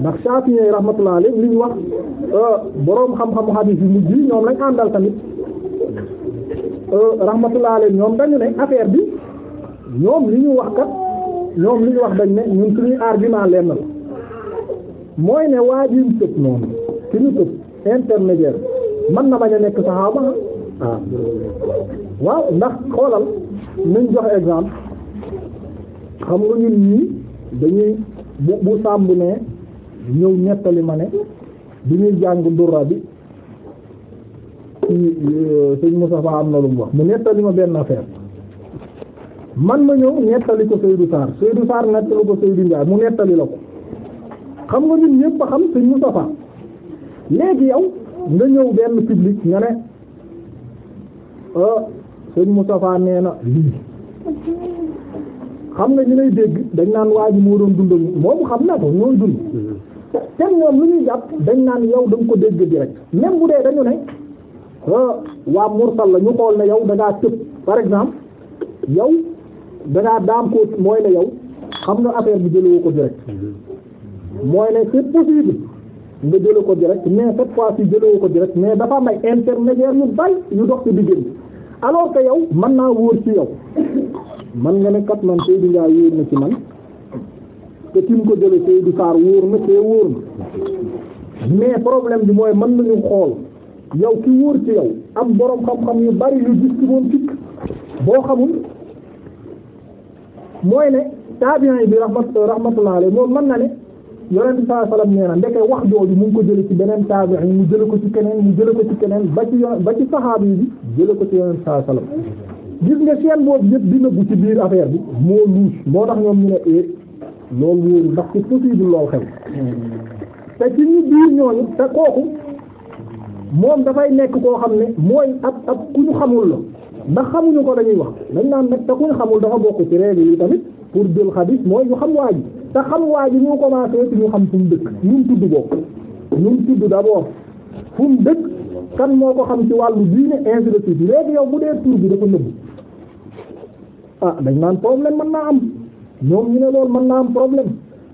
ndax Shafi'i rahmatullah alayhi li ñu wax euh, boroom xam-xamu hadith yi mujj yi ñoom lañ àndal tamit euh, rahmatullah alayhi ñoom dañu ne affaire bi ñoom li ñu wax kat ñoom li ñu wax dañ ne ñun suñuy argument lenn mooy ne waa ji ñu tëb noonu ki ñu tëb intermédiaire mën na bañ a nekk saxaaba ah waaw ndax xoolal nañ joxe exemple xam nga ñu nii dañuy bu bu ne ñëw ñettali ma ne bi ñuy jàng durra bi ci euh, sëñ Moustapha am na lu mu wax mu nettali ma benn affaire man ma ñëw nettali ko Seydou Sarr Seydou Sarr nettali ko Seydou Ndiaye mu nettali la ko xam nga ñun ñëpp a xam sëñ Moustapha léegi yow nga ñëw benn public nga ne ah sëñ nee na lii xam na ñu lay dégg dañ naan waa ji moo doon dundal moom xam na ko ñooy dund te ñoom lu ñuy jàpp dañ naan yow da ko dégg direct même bu dee dañu ne ah, waa mursal la ñu xool ne yow da tëb par exemple yow da ngaa daam ko mooy ne yow xam nga affaire bi jëloo ko direct. mooy ne c'est possible nga jële ko direct mais cette fois ci jëlewu ko direct mais dafa am ay intermédiaires yu bay yu dox ci diggante alors que yow man naa wóor ci yow man nga ne kat man tey di ngaa wóor na ci man te ki mu ko jële tey di saar wóor na tey wóor na mais problème bi mooy mën nañu xool yow ki wóor ci yow am boroom xam-xam yu bari yu gis ci moom sikk boo xamul mooy ne tabi'in bi rahmat rahmatullah alayhi moom mën na ne yonent bi sallallahu alayhi wasallam nee ndeke wax jooju mu ngi ko jële ci beneen taabi'i mu jële ko ci keneen mu jële ko ci keneen ba ci yon ba ci saxaabi bi jële ko ci yonent bi sallallahu gis nga seen boobu yëpp dina bu ci biir affaire bi moo luus moo tax ñoom ñu ne ee eh, loolu wóoru ndax c'est possible lool xew te ci ñu biir ñooñu te kooku moom dafay nekk koo xam ne mooy ab ab ku ñu xamul la ndax xamuñu ko dañuy wax dañ naan nag te kuñ xamul dafa bokk ci règle yi tamit pour jël xadis mooy ñu xam waaj te xam waa ji ñu commencé ci ñu xam fu mu dëkk ñu mu tudd bokk ñu mu tudd d'abord fu mu dëkk kan moo ko xam ci wàllu diine ainsi de suite yow bu dee tur bi dafa nëbb ah dañ naan problème mën naa am ñoom ñu ne loolu mën naa am problème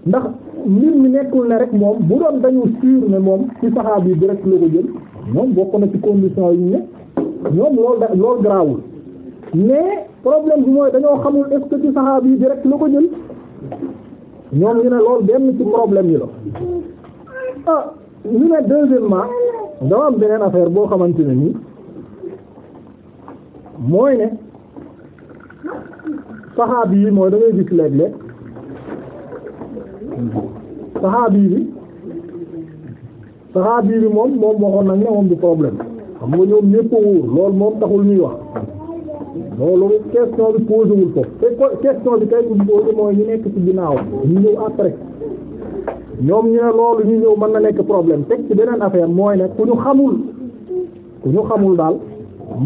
ndax mbir mi nekkul ne rek moom bu doon dañu sûr ne moom ci saxaab yi direct la ko jël moom bokk na ci condition yi ne ñoom loolu da loolu garaawul mais problème bi mooy dañoo xamul est ce que ci saxaaba yi direct la ko jël ñoom ñu ne loolu benn ci problème yi la ah ñu ne deuxièmement dama am beneen affaire boo xamante ne nii mooy ne saxaaba yi mooy da ngay gis léeg-léeg saxaaba yi bi saxaaba yi bi moom moom waxoon nañ ne moom du problème xam nga ñoom ñëpp wóor loolu moom taxul ñuy wax loolu question bi posé wul foofu te question bi kay bu mooy ñu nekk ci ginnaaw ñu ñëw après ñoom ñu ne loolu ñu ñëw mën na nekk problème teg ci beneen affaire mooy ne ku ñu xamul ku ñu xamul daal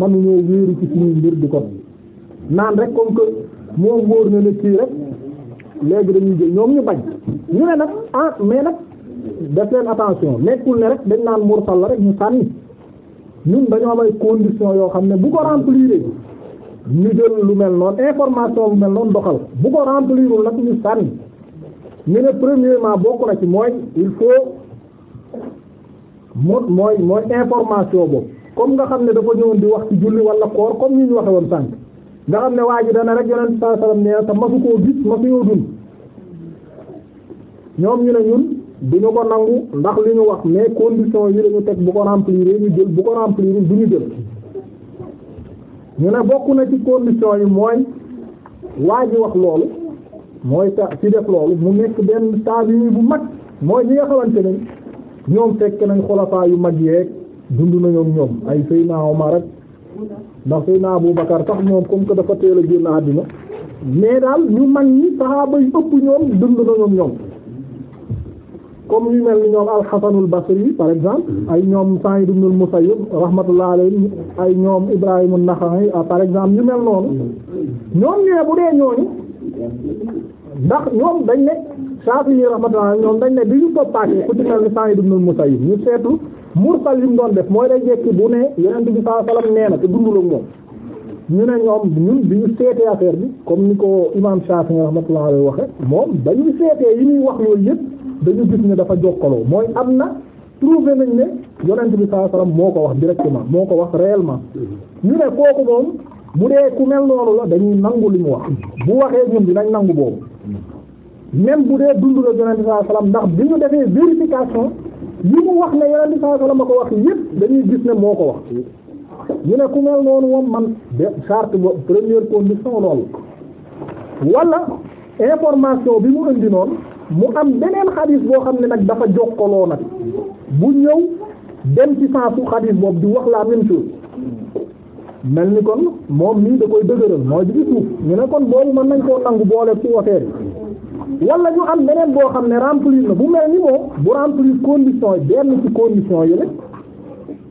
mënuñoo wéeru ci suñu mbir di ko naan rek comme que moo wóor na ne kii rek léegi dañuy jël ñoom ñu bañ ñu ne nag ah mais nag def leen attention nekkul ne rek dañ naan mursal la rek ñu sànni. ñun dañoo am ay conditions yoo xam ne bu ko remplir ñu jël lu mel noonu information bu mel noonu doxal bu ko remplirul nag ñu sànni ñu ne premièrement bokk na ci mooy il faut mooy mooy information boobu comme nga xam ne dafa ñëwoon di wax ci julli wala koor comme ni ñu wax woon sànq nga xam ne waa ji dana rek yonent sallallahu alayhi wasallam nee te masu koo gis masu yoo dund ñoom ñu ne ñun duñu ko nangu ndax li ñu wax mais condition yi dañu teg bu ko remplir ñu jël bu ko remplir du ñu jël ñu ne bokk na ci condition yi mooy waa ji wax loolu mooy ta ci def loolu mu nekk benn taabi bu mag mooy ñi nga xamante ñoom fekk nañ xulafaa yu mag yeeg dund na ñoom ñoom ay Seydina Omar ak ndax Seydina Abu Bakar sax ñoom comme que dafa teel a génn àddina mais daal ñu mag ñi saxaaba yu ëpp ñoom dund na ñoom ñoom comme ñu mel ni ñoom alxasanul basri par exemple ay ñoom Sa'id ibn al-Musayyib rahmatullah alayhi ay ñoom Ibrahim an-Nakha'i ah, par exemple ñu mel noonu ñoom ñu ne bu dee ñooñu ndax ñoom dañ ne Shafi'i rahmatullah dañ ne bi ñu ko paase ku ci mel ni Sa'id ibn al-Musayyib ñu seetu mursal yi mu doon def mooy day jekki bu ne Yonent bi sallallahu alayhi wasallam nee na te dundul ak moom ñun bi ñu seetee affaire bi comme ni ko imam Shafi'i rahmatullah alayhi waxe moom dañuy seetee yi ñuy wax yooyu yëpp dañu gis ne dafa jokkaloo mooy am na trouvé nañ ne yonent bi sallallahu alayhi moo ko wax directement moo ko wax réellement ñu ne kooku moom bu dee ku mel noonu la dañuy nangu li mu wax bu waxee ñun dinañ nangu boobu même mu dee dund la yonent bi sallallahu alayhi wasallam ndax bi ñu defee vérification li mu wax na yonent bi sallallahu ko wax yépp dañuy gis ne moo ko wax ñu ne ku mel noonu moom man de charte ba première condition loolu wala information bi mu indi noonu mu am beneen xadis boo xam ne nag dafa jokkaloo nag bu ñëw dem ci saasu xadis boobu di wax la même chose mel ni kon moom nii da koy dëgëral moo di suuf ñu ne kon boobu mën nañ koo nangu boole ci woteer wala ñu am beneen boo xam ne remplir bu mel ni moom bu remplir condition yi benn ci condition yi la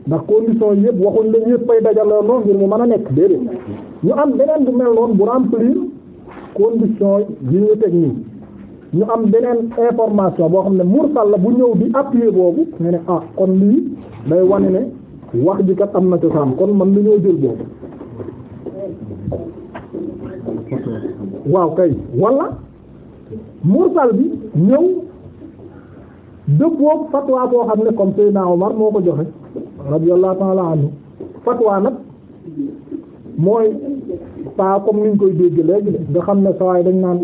ndax condition yëpp waxuñ la ñëpp ay dajaloo noonu ngir mu mën a nekk déedéet ñu am beneen bu mel noonu bu remplir condition yi ñu teg nii ñu am beneen information boo xam ne mursal la bu ñëw bi appuyé boobu nga ne ah kon lii day wane ne wax jikat am na cosaan kon man dañoo jël boobu waaw kay bi ñëw dëppoo fatwa boo xam ne comme Seydina Omar moo ko joxe radiyallahu ta'ala anhu fatwa nag mooy pas comme niñ koy dégg léegi nga xam ne sawaay dañ naan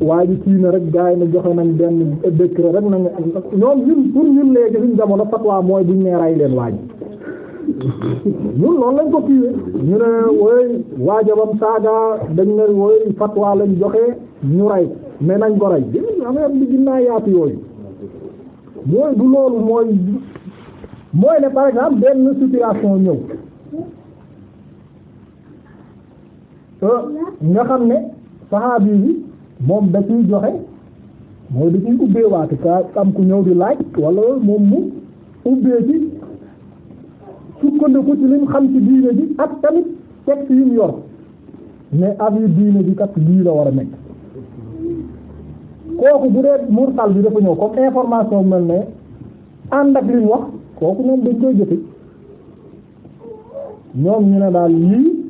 waaye ji kii na rek gars yi na joxe nañ benn décret rek nañ ñoom ñun pour ñun léegi suñ jamono fatwa mooy buñ nee ray leen waa ji ñun lañ ko kiiwee ñu ne wooy waajabam saaga dañ ne wooy fatwa lañ joxe ñu ray mais nañ ko ray affaire bi ginnaa yaatu yooyu mooy du loolu mooy mooy ne par exemple benn situation ñëw nga xam ne saxaabi bi moom da ciy joxe mooy da ciy ubbee waatu ka am ku ñëw di laaj wala moom mu ubbee ci sukkandiku ci lim xam ci diine ji ak tamit texte yi mu yor mais avis diine ji kat lii la war a nekk kooku bu dee mursal bi dafa ñëw ko information mel ne ànd ak lim wax kooku moom dañ koy jëfe ñoom ñu ne daal lii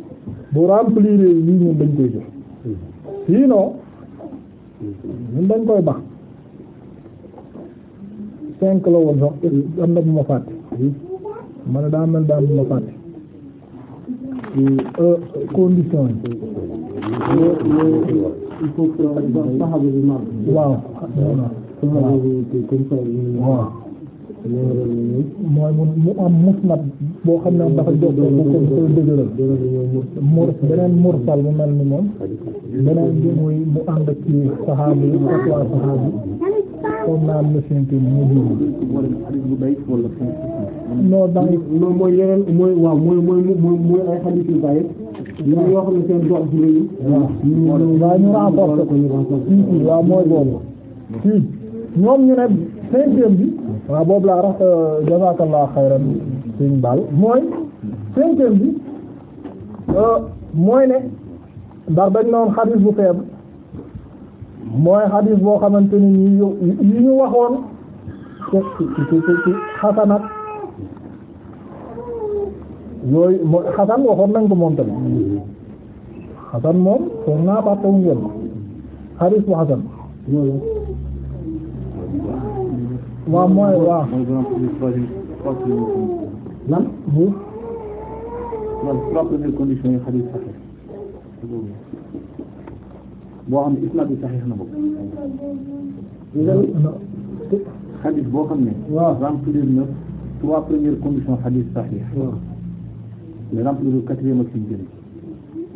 bu remplir lii ñun dañ koy jëf sinon ñun dañ koy bax cinq la woon sax am na bu ma fàtte ma ne daa mel daa bu ma fàtte euh,
condition yi il faut que waaw waaw mooy
mu am musnad boo xam ne dafa jox ko ko koy dëgëral mur beneen mursal mu mel ni moom beneen bi muy mu ànd ci saxaaba yi ak waa saxaaba yi comme naa am na séntu mu jur non dangay mooy yeneen mooy waaw ne seen dox bu rëy waaw mooy boobu ñoom ñu ne cinquième bi waaw boobu laa rax euh, jazakallah xayran suñ baal mooy cinquième bi euh, mooy ne ndax dañ noon xadis bu faible mooy xadis boo xamante ni ñi yi waxoon ci ci ci xasanat waxoon nañ ko moom tamit xasan moom foog naa fàttewuñ ngeen ko waaw mooy waaw. lan. bu. man trois premières conditions yi xadiis saxiix boo xam ne isnaad bi saxiix na ko. xadiis boo xam ne. waaw remplir na trois premières conditions xadiis saxiix. waaw. mais remplir le quatrième ak cinquième.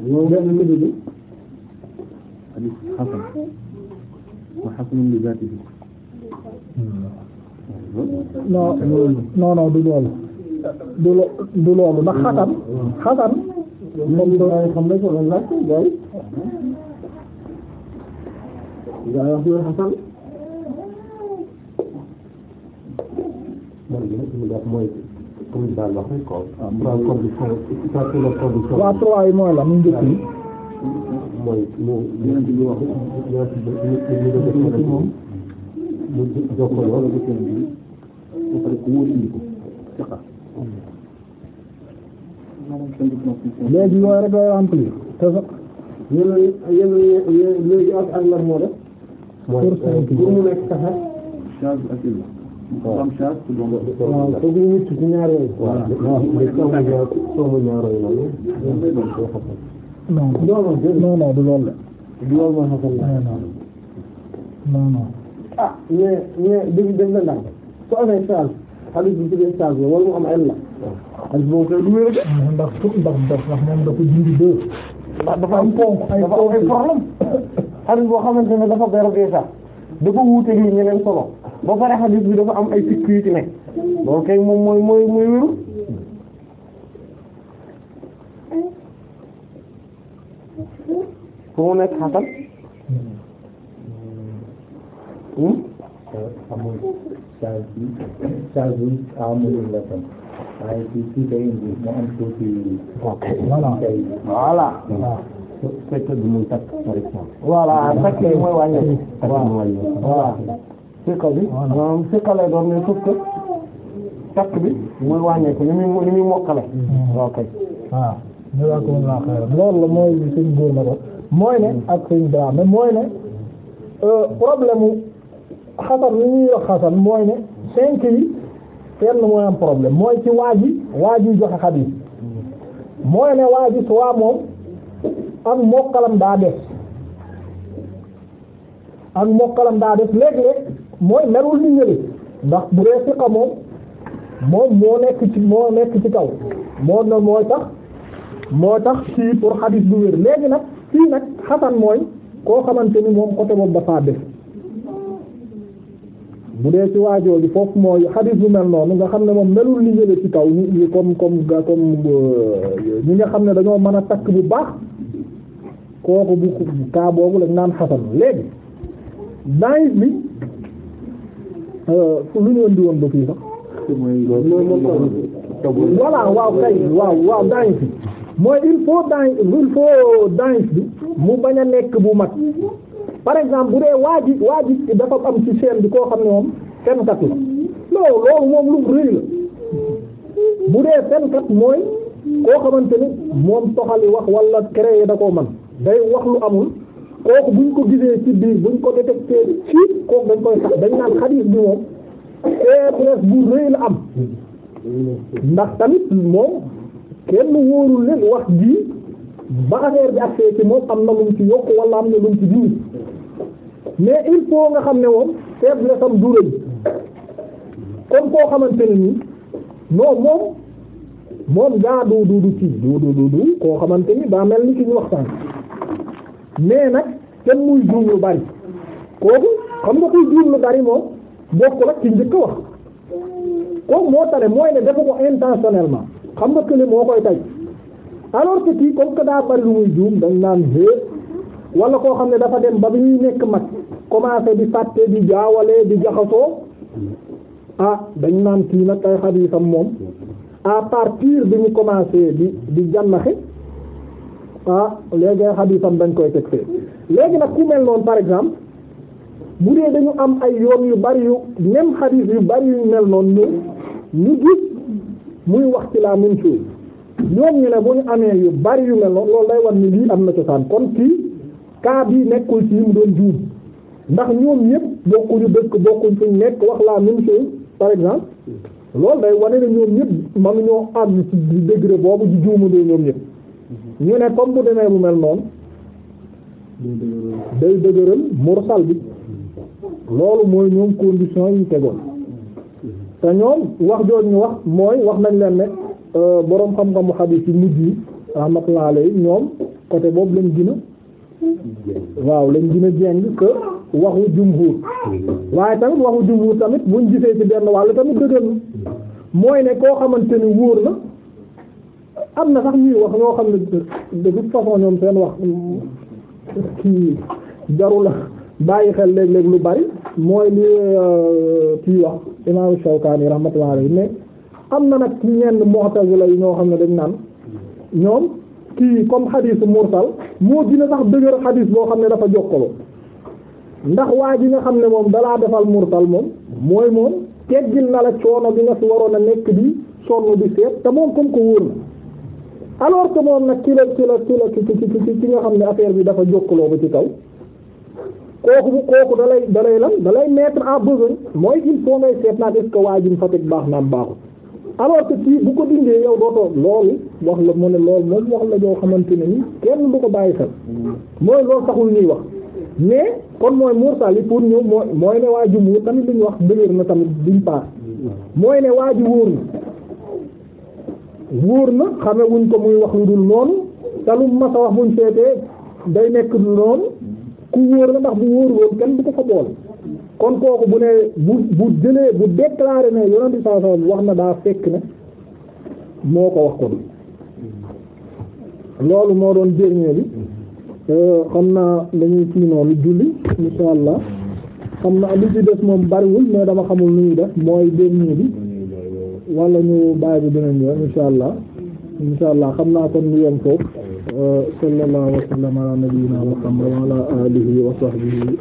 loolu benn mbir mi. xadiis xasan wa xasanun li zaatihi non non non du loolu du lo loolu ndax xasan xasan moom do xam na la gay yaa
wax mu jokkaloo wala gis nañ bi ba pare ku wóor indi ko siqa léegi yooyu rek lay remplir te sax
yéen yéen léegi ak ak lan moo def.
pour mu nekk saxar. charge ak il waaw foog ñu mucc ci ñaar yooyu. voilà non non non du loolu la. du loolu moo xam ne non non.
ah mais mais dégg dégg la ndànk su amee chance xaalis bi su dee chance la wala mu am ay la xaalis boobu kay du wér de. Ah, ndax su ndax ndax moom dafa dindi deux. ndax dafa am ponk ay ponk ay problème. *coughs* xaalis boo xamante ne dafa beru dee sax dafa wuuteeg li ñeneen solo ba pare xaalis bi dafa am ay sikk yu ci nekk loolu kay moom mooy mooy mooy wéru. fu mu nekk xasan.
amul charge bi charge bi amul la tam waaye ci ci day indi mu am tuuti. ok voilà voilà. fekk bi muy takk par exemple. voilà takk yi mooy wàññi. takk yi mooy wàññi. voilà fekk bi. maanaam fekk lay doon mais suuf que takk bi mooy wàññi ko ni muy ni muy mokkale. ok. waaw.
loolu la mooy suñu góor na ko. mooy ne ak suñu drame mooy ne euh, problème xasan li ñuy wax xasan mooy ne cinq yi kenn mooy am problème mooy ci waa ji waa ji joxe xadiis mooy ne waa ji soit moom ak mokkalam daa des ak mokkalam daa des léeg-léeg mooy melul ni ñële ndax bu dee siqa moom moom moo nekk ci moo nekk ci kaw moo na mooy tax moo tax kii pour xadiis bu wér léegi nag fii nag xasan mooy koo xamante ni moom côté boobu dafaa des bu dee ci waajooju foofu mooy xadis bu mel noonu nga xam ne moom melul li jële ci kaw ñu comme comme comme euh, nga xam ne dañoo mën a takk bu baax kooku bu kaa boobu lañ naan xasan léegi daayis bi euh, lu ñu indi woon ba fii sax voilà waaw kay waaw waaw daayis bi mooy il faut daayis il faut daayis bi mu bañ a nekk bu mat par exemple bu dee waa ji waa ji dafa am ci seen bi koo xam ne moom fenkat la loolu moom lu rëy la bu dee fenkat mooy koo xamante ni moom toxali wax wala créé da koo man day wax lu amul kooku buñ ko gisee ci biir buñ ko détecté ci kooku dañ koy sax dañ naan xadiis bi moom faiblesse bu rëy la am ndax tamit moom kenn wóorul leen wax ji ba affaire bi accès ci moom am na lu ci yokk wala am na lu mu ci dindi mais il faut nga xam ne woon faiblesse am durée bi comme koo xamante ne nii non moom moom daa du du du ci du du du koo xamante ni daa mel ni ki ñu waxtaan mais nag kenn muy juum lu bari kooku xam nga koy juum lu bari moom bokkul ak ci njëkk wax kooku moo tare mooy ne dafa ko intentionnellement xam nga kële moo koy tay alors que kii comme que daa bari lu muy juum dañ naan hé wala koo xam ne dafa dem ba bi ñuy nekk mag commencé di fàtte di jaawale di jaxasoo ah dañ naan kii nag ay xadiisam moom à partir bi mu commencé di di jànnaxe ah léegi ay xadiisam dañ koy teg fee léegi nag ku mel noonu par exemple bu dee dañu am ay yoon yu bari yu même xadiis yu bari yu mel noonu ñu ñu gis muy wax ci la même chose ñoom ñu ne bu ñu amee yu bari yu mel noonu loolu day war ni lii am na cosaan kon kii cas bii nekkul ci mu doon juum ndax ñoom ñëpp bokkuñu dëkk bokkuñ fuñ nekk wax la même chose par exemple loolu day wane ne ñoom ñëpp manu ñoo àgg ci degré boobu di juumandoo ñoom ñëpp ñu ne comme bu demee bu mel noonu day dëgëral mursal bi loolu mooy ñoom condition yi ñu tegoon te ñoom wax jooju ñu wax mooy wax nañ leen ne Euh, borom xam-xamu xadiis yi mujj yi rahmatullah alayhi ñoom côté boobu lañ gën waaw lañ gën a jeng que waxu jumhur waaye tamit waxu jumhur tamit buñ gisee ci benn wàll tamit dëgër na mooy ne koo xamante ni wóor na am na sax ñuy wax ñoo xam ne de façon ñoom seen wax kii jaru la bàyyi xel léeg-léeg lu bari mooy li euh, kii wax imam Shawkani rahmatullah alayhi am na nag ñenn mu'tazila yi ñoo xam ne dañ naan ñoom kii comme xadiis mursal moo dina sax dëgër xadiis boo xam ne dafa jokkaloo ndax waa ji nga xam ne moom dalaa defal mursal moom mooy moom teggil na la coono bi nga fi waroon a nekk di sonn di seet te moom comme ko wóor na alors que nag ki la ki la ki la ki ki nga xam ne affaire bi dafa jokkaloo ba ci kaw kooku bu kooku dalay dalay lan dalay mettre en besoin mooy il faut ngay seet naan est-ce que waa baax alors que kii bu ko dindee yow dootoo loolu wax la mu ne lool moom wax la joo xamante ne ni kenn du ko bàyyi xel mooy loolu taxul ñuy wax mais kon mooy mursal yi pour ñëw mooy mooy ne waa ji wóor tamit duñ wax dëgër na tamit duñ paas mooy waa ji wóor na wóor na xame wuñ ko muy wax lu dul noonu te lu mas a wax buñ seetee day nekk du noonu ku wóor na ndax bu wóor woon kenn du ko fa boole kon kooku bu ne bu bu jëlee bu déclaré ne yonent bi sallallahu wax na daa fekk ne moo ko wax kon loolu moo doon dernier bi euh, xam naa dañuy fii noonu julli insha allah xam naa li ci des moom bariwul mais dama xamul nu ñuy def mooy dernier bi wala ñu bàyyi bi beneen yoon insha allah insha xam naa kon ñu yem foofu
sallallahu wa sallam ala nabiyyina Muhammad wa ala alihi wa sahbihi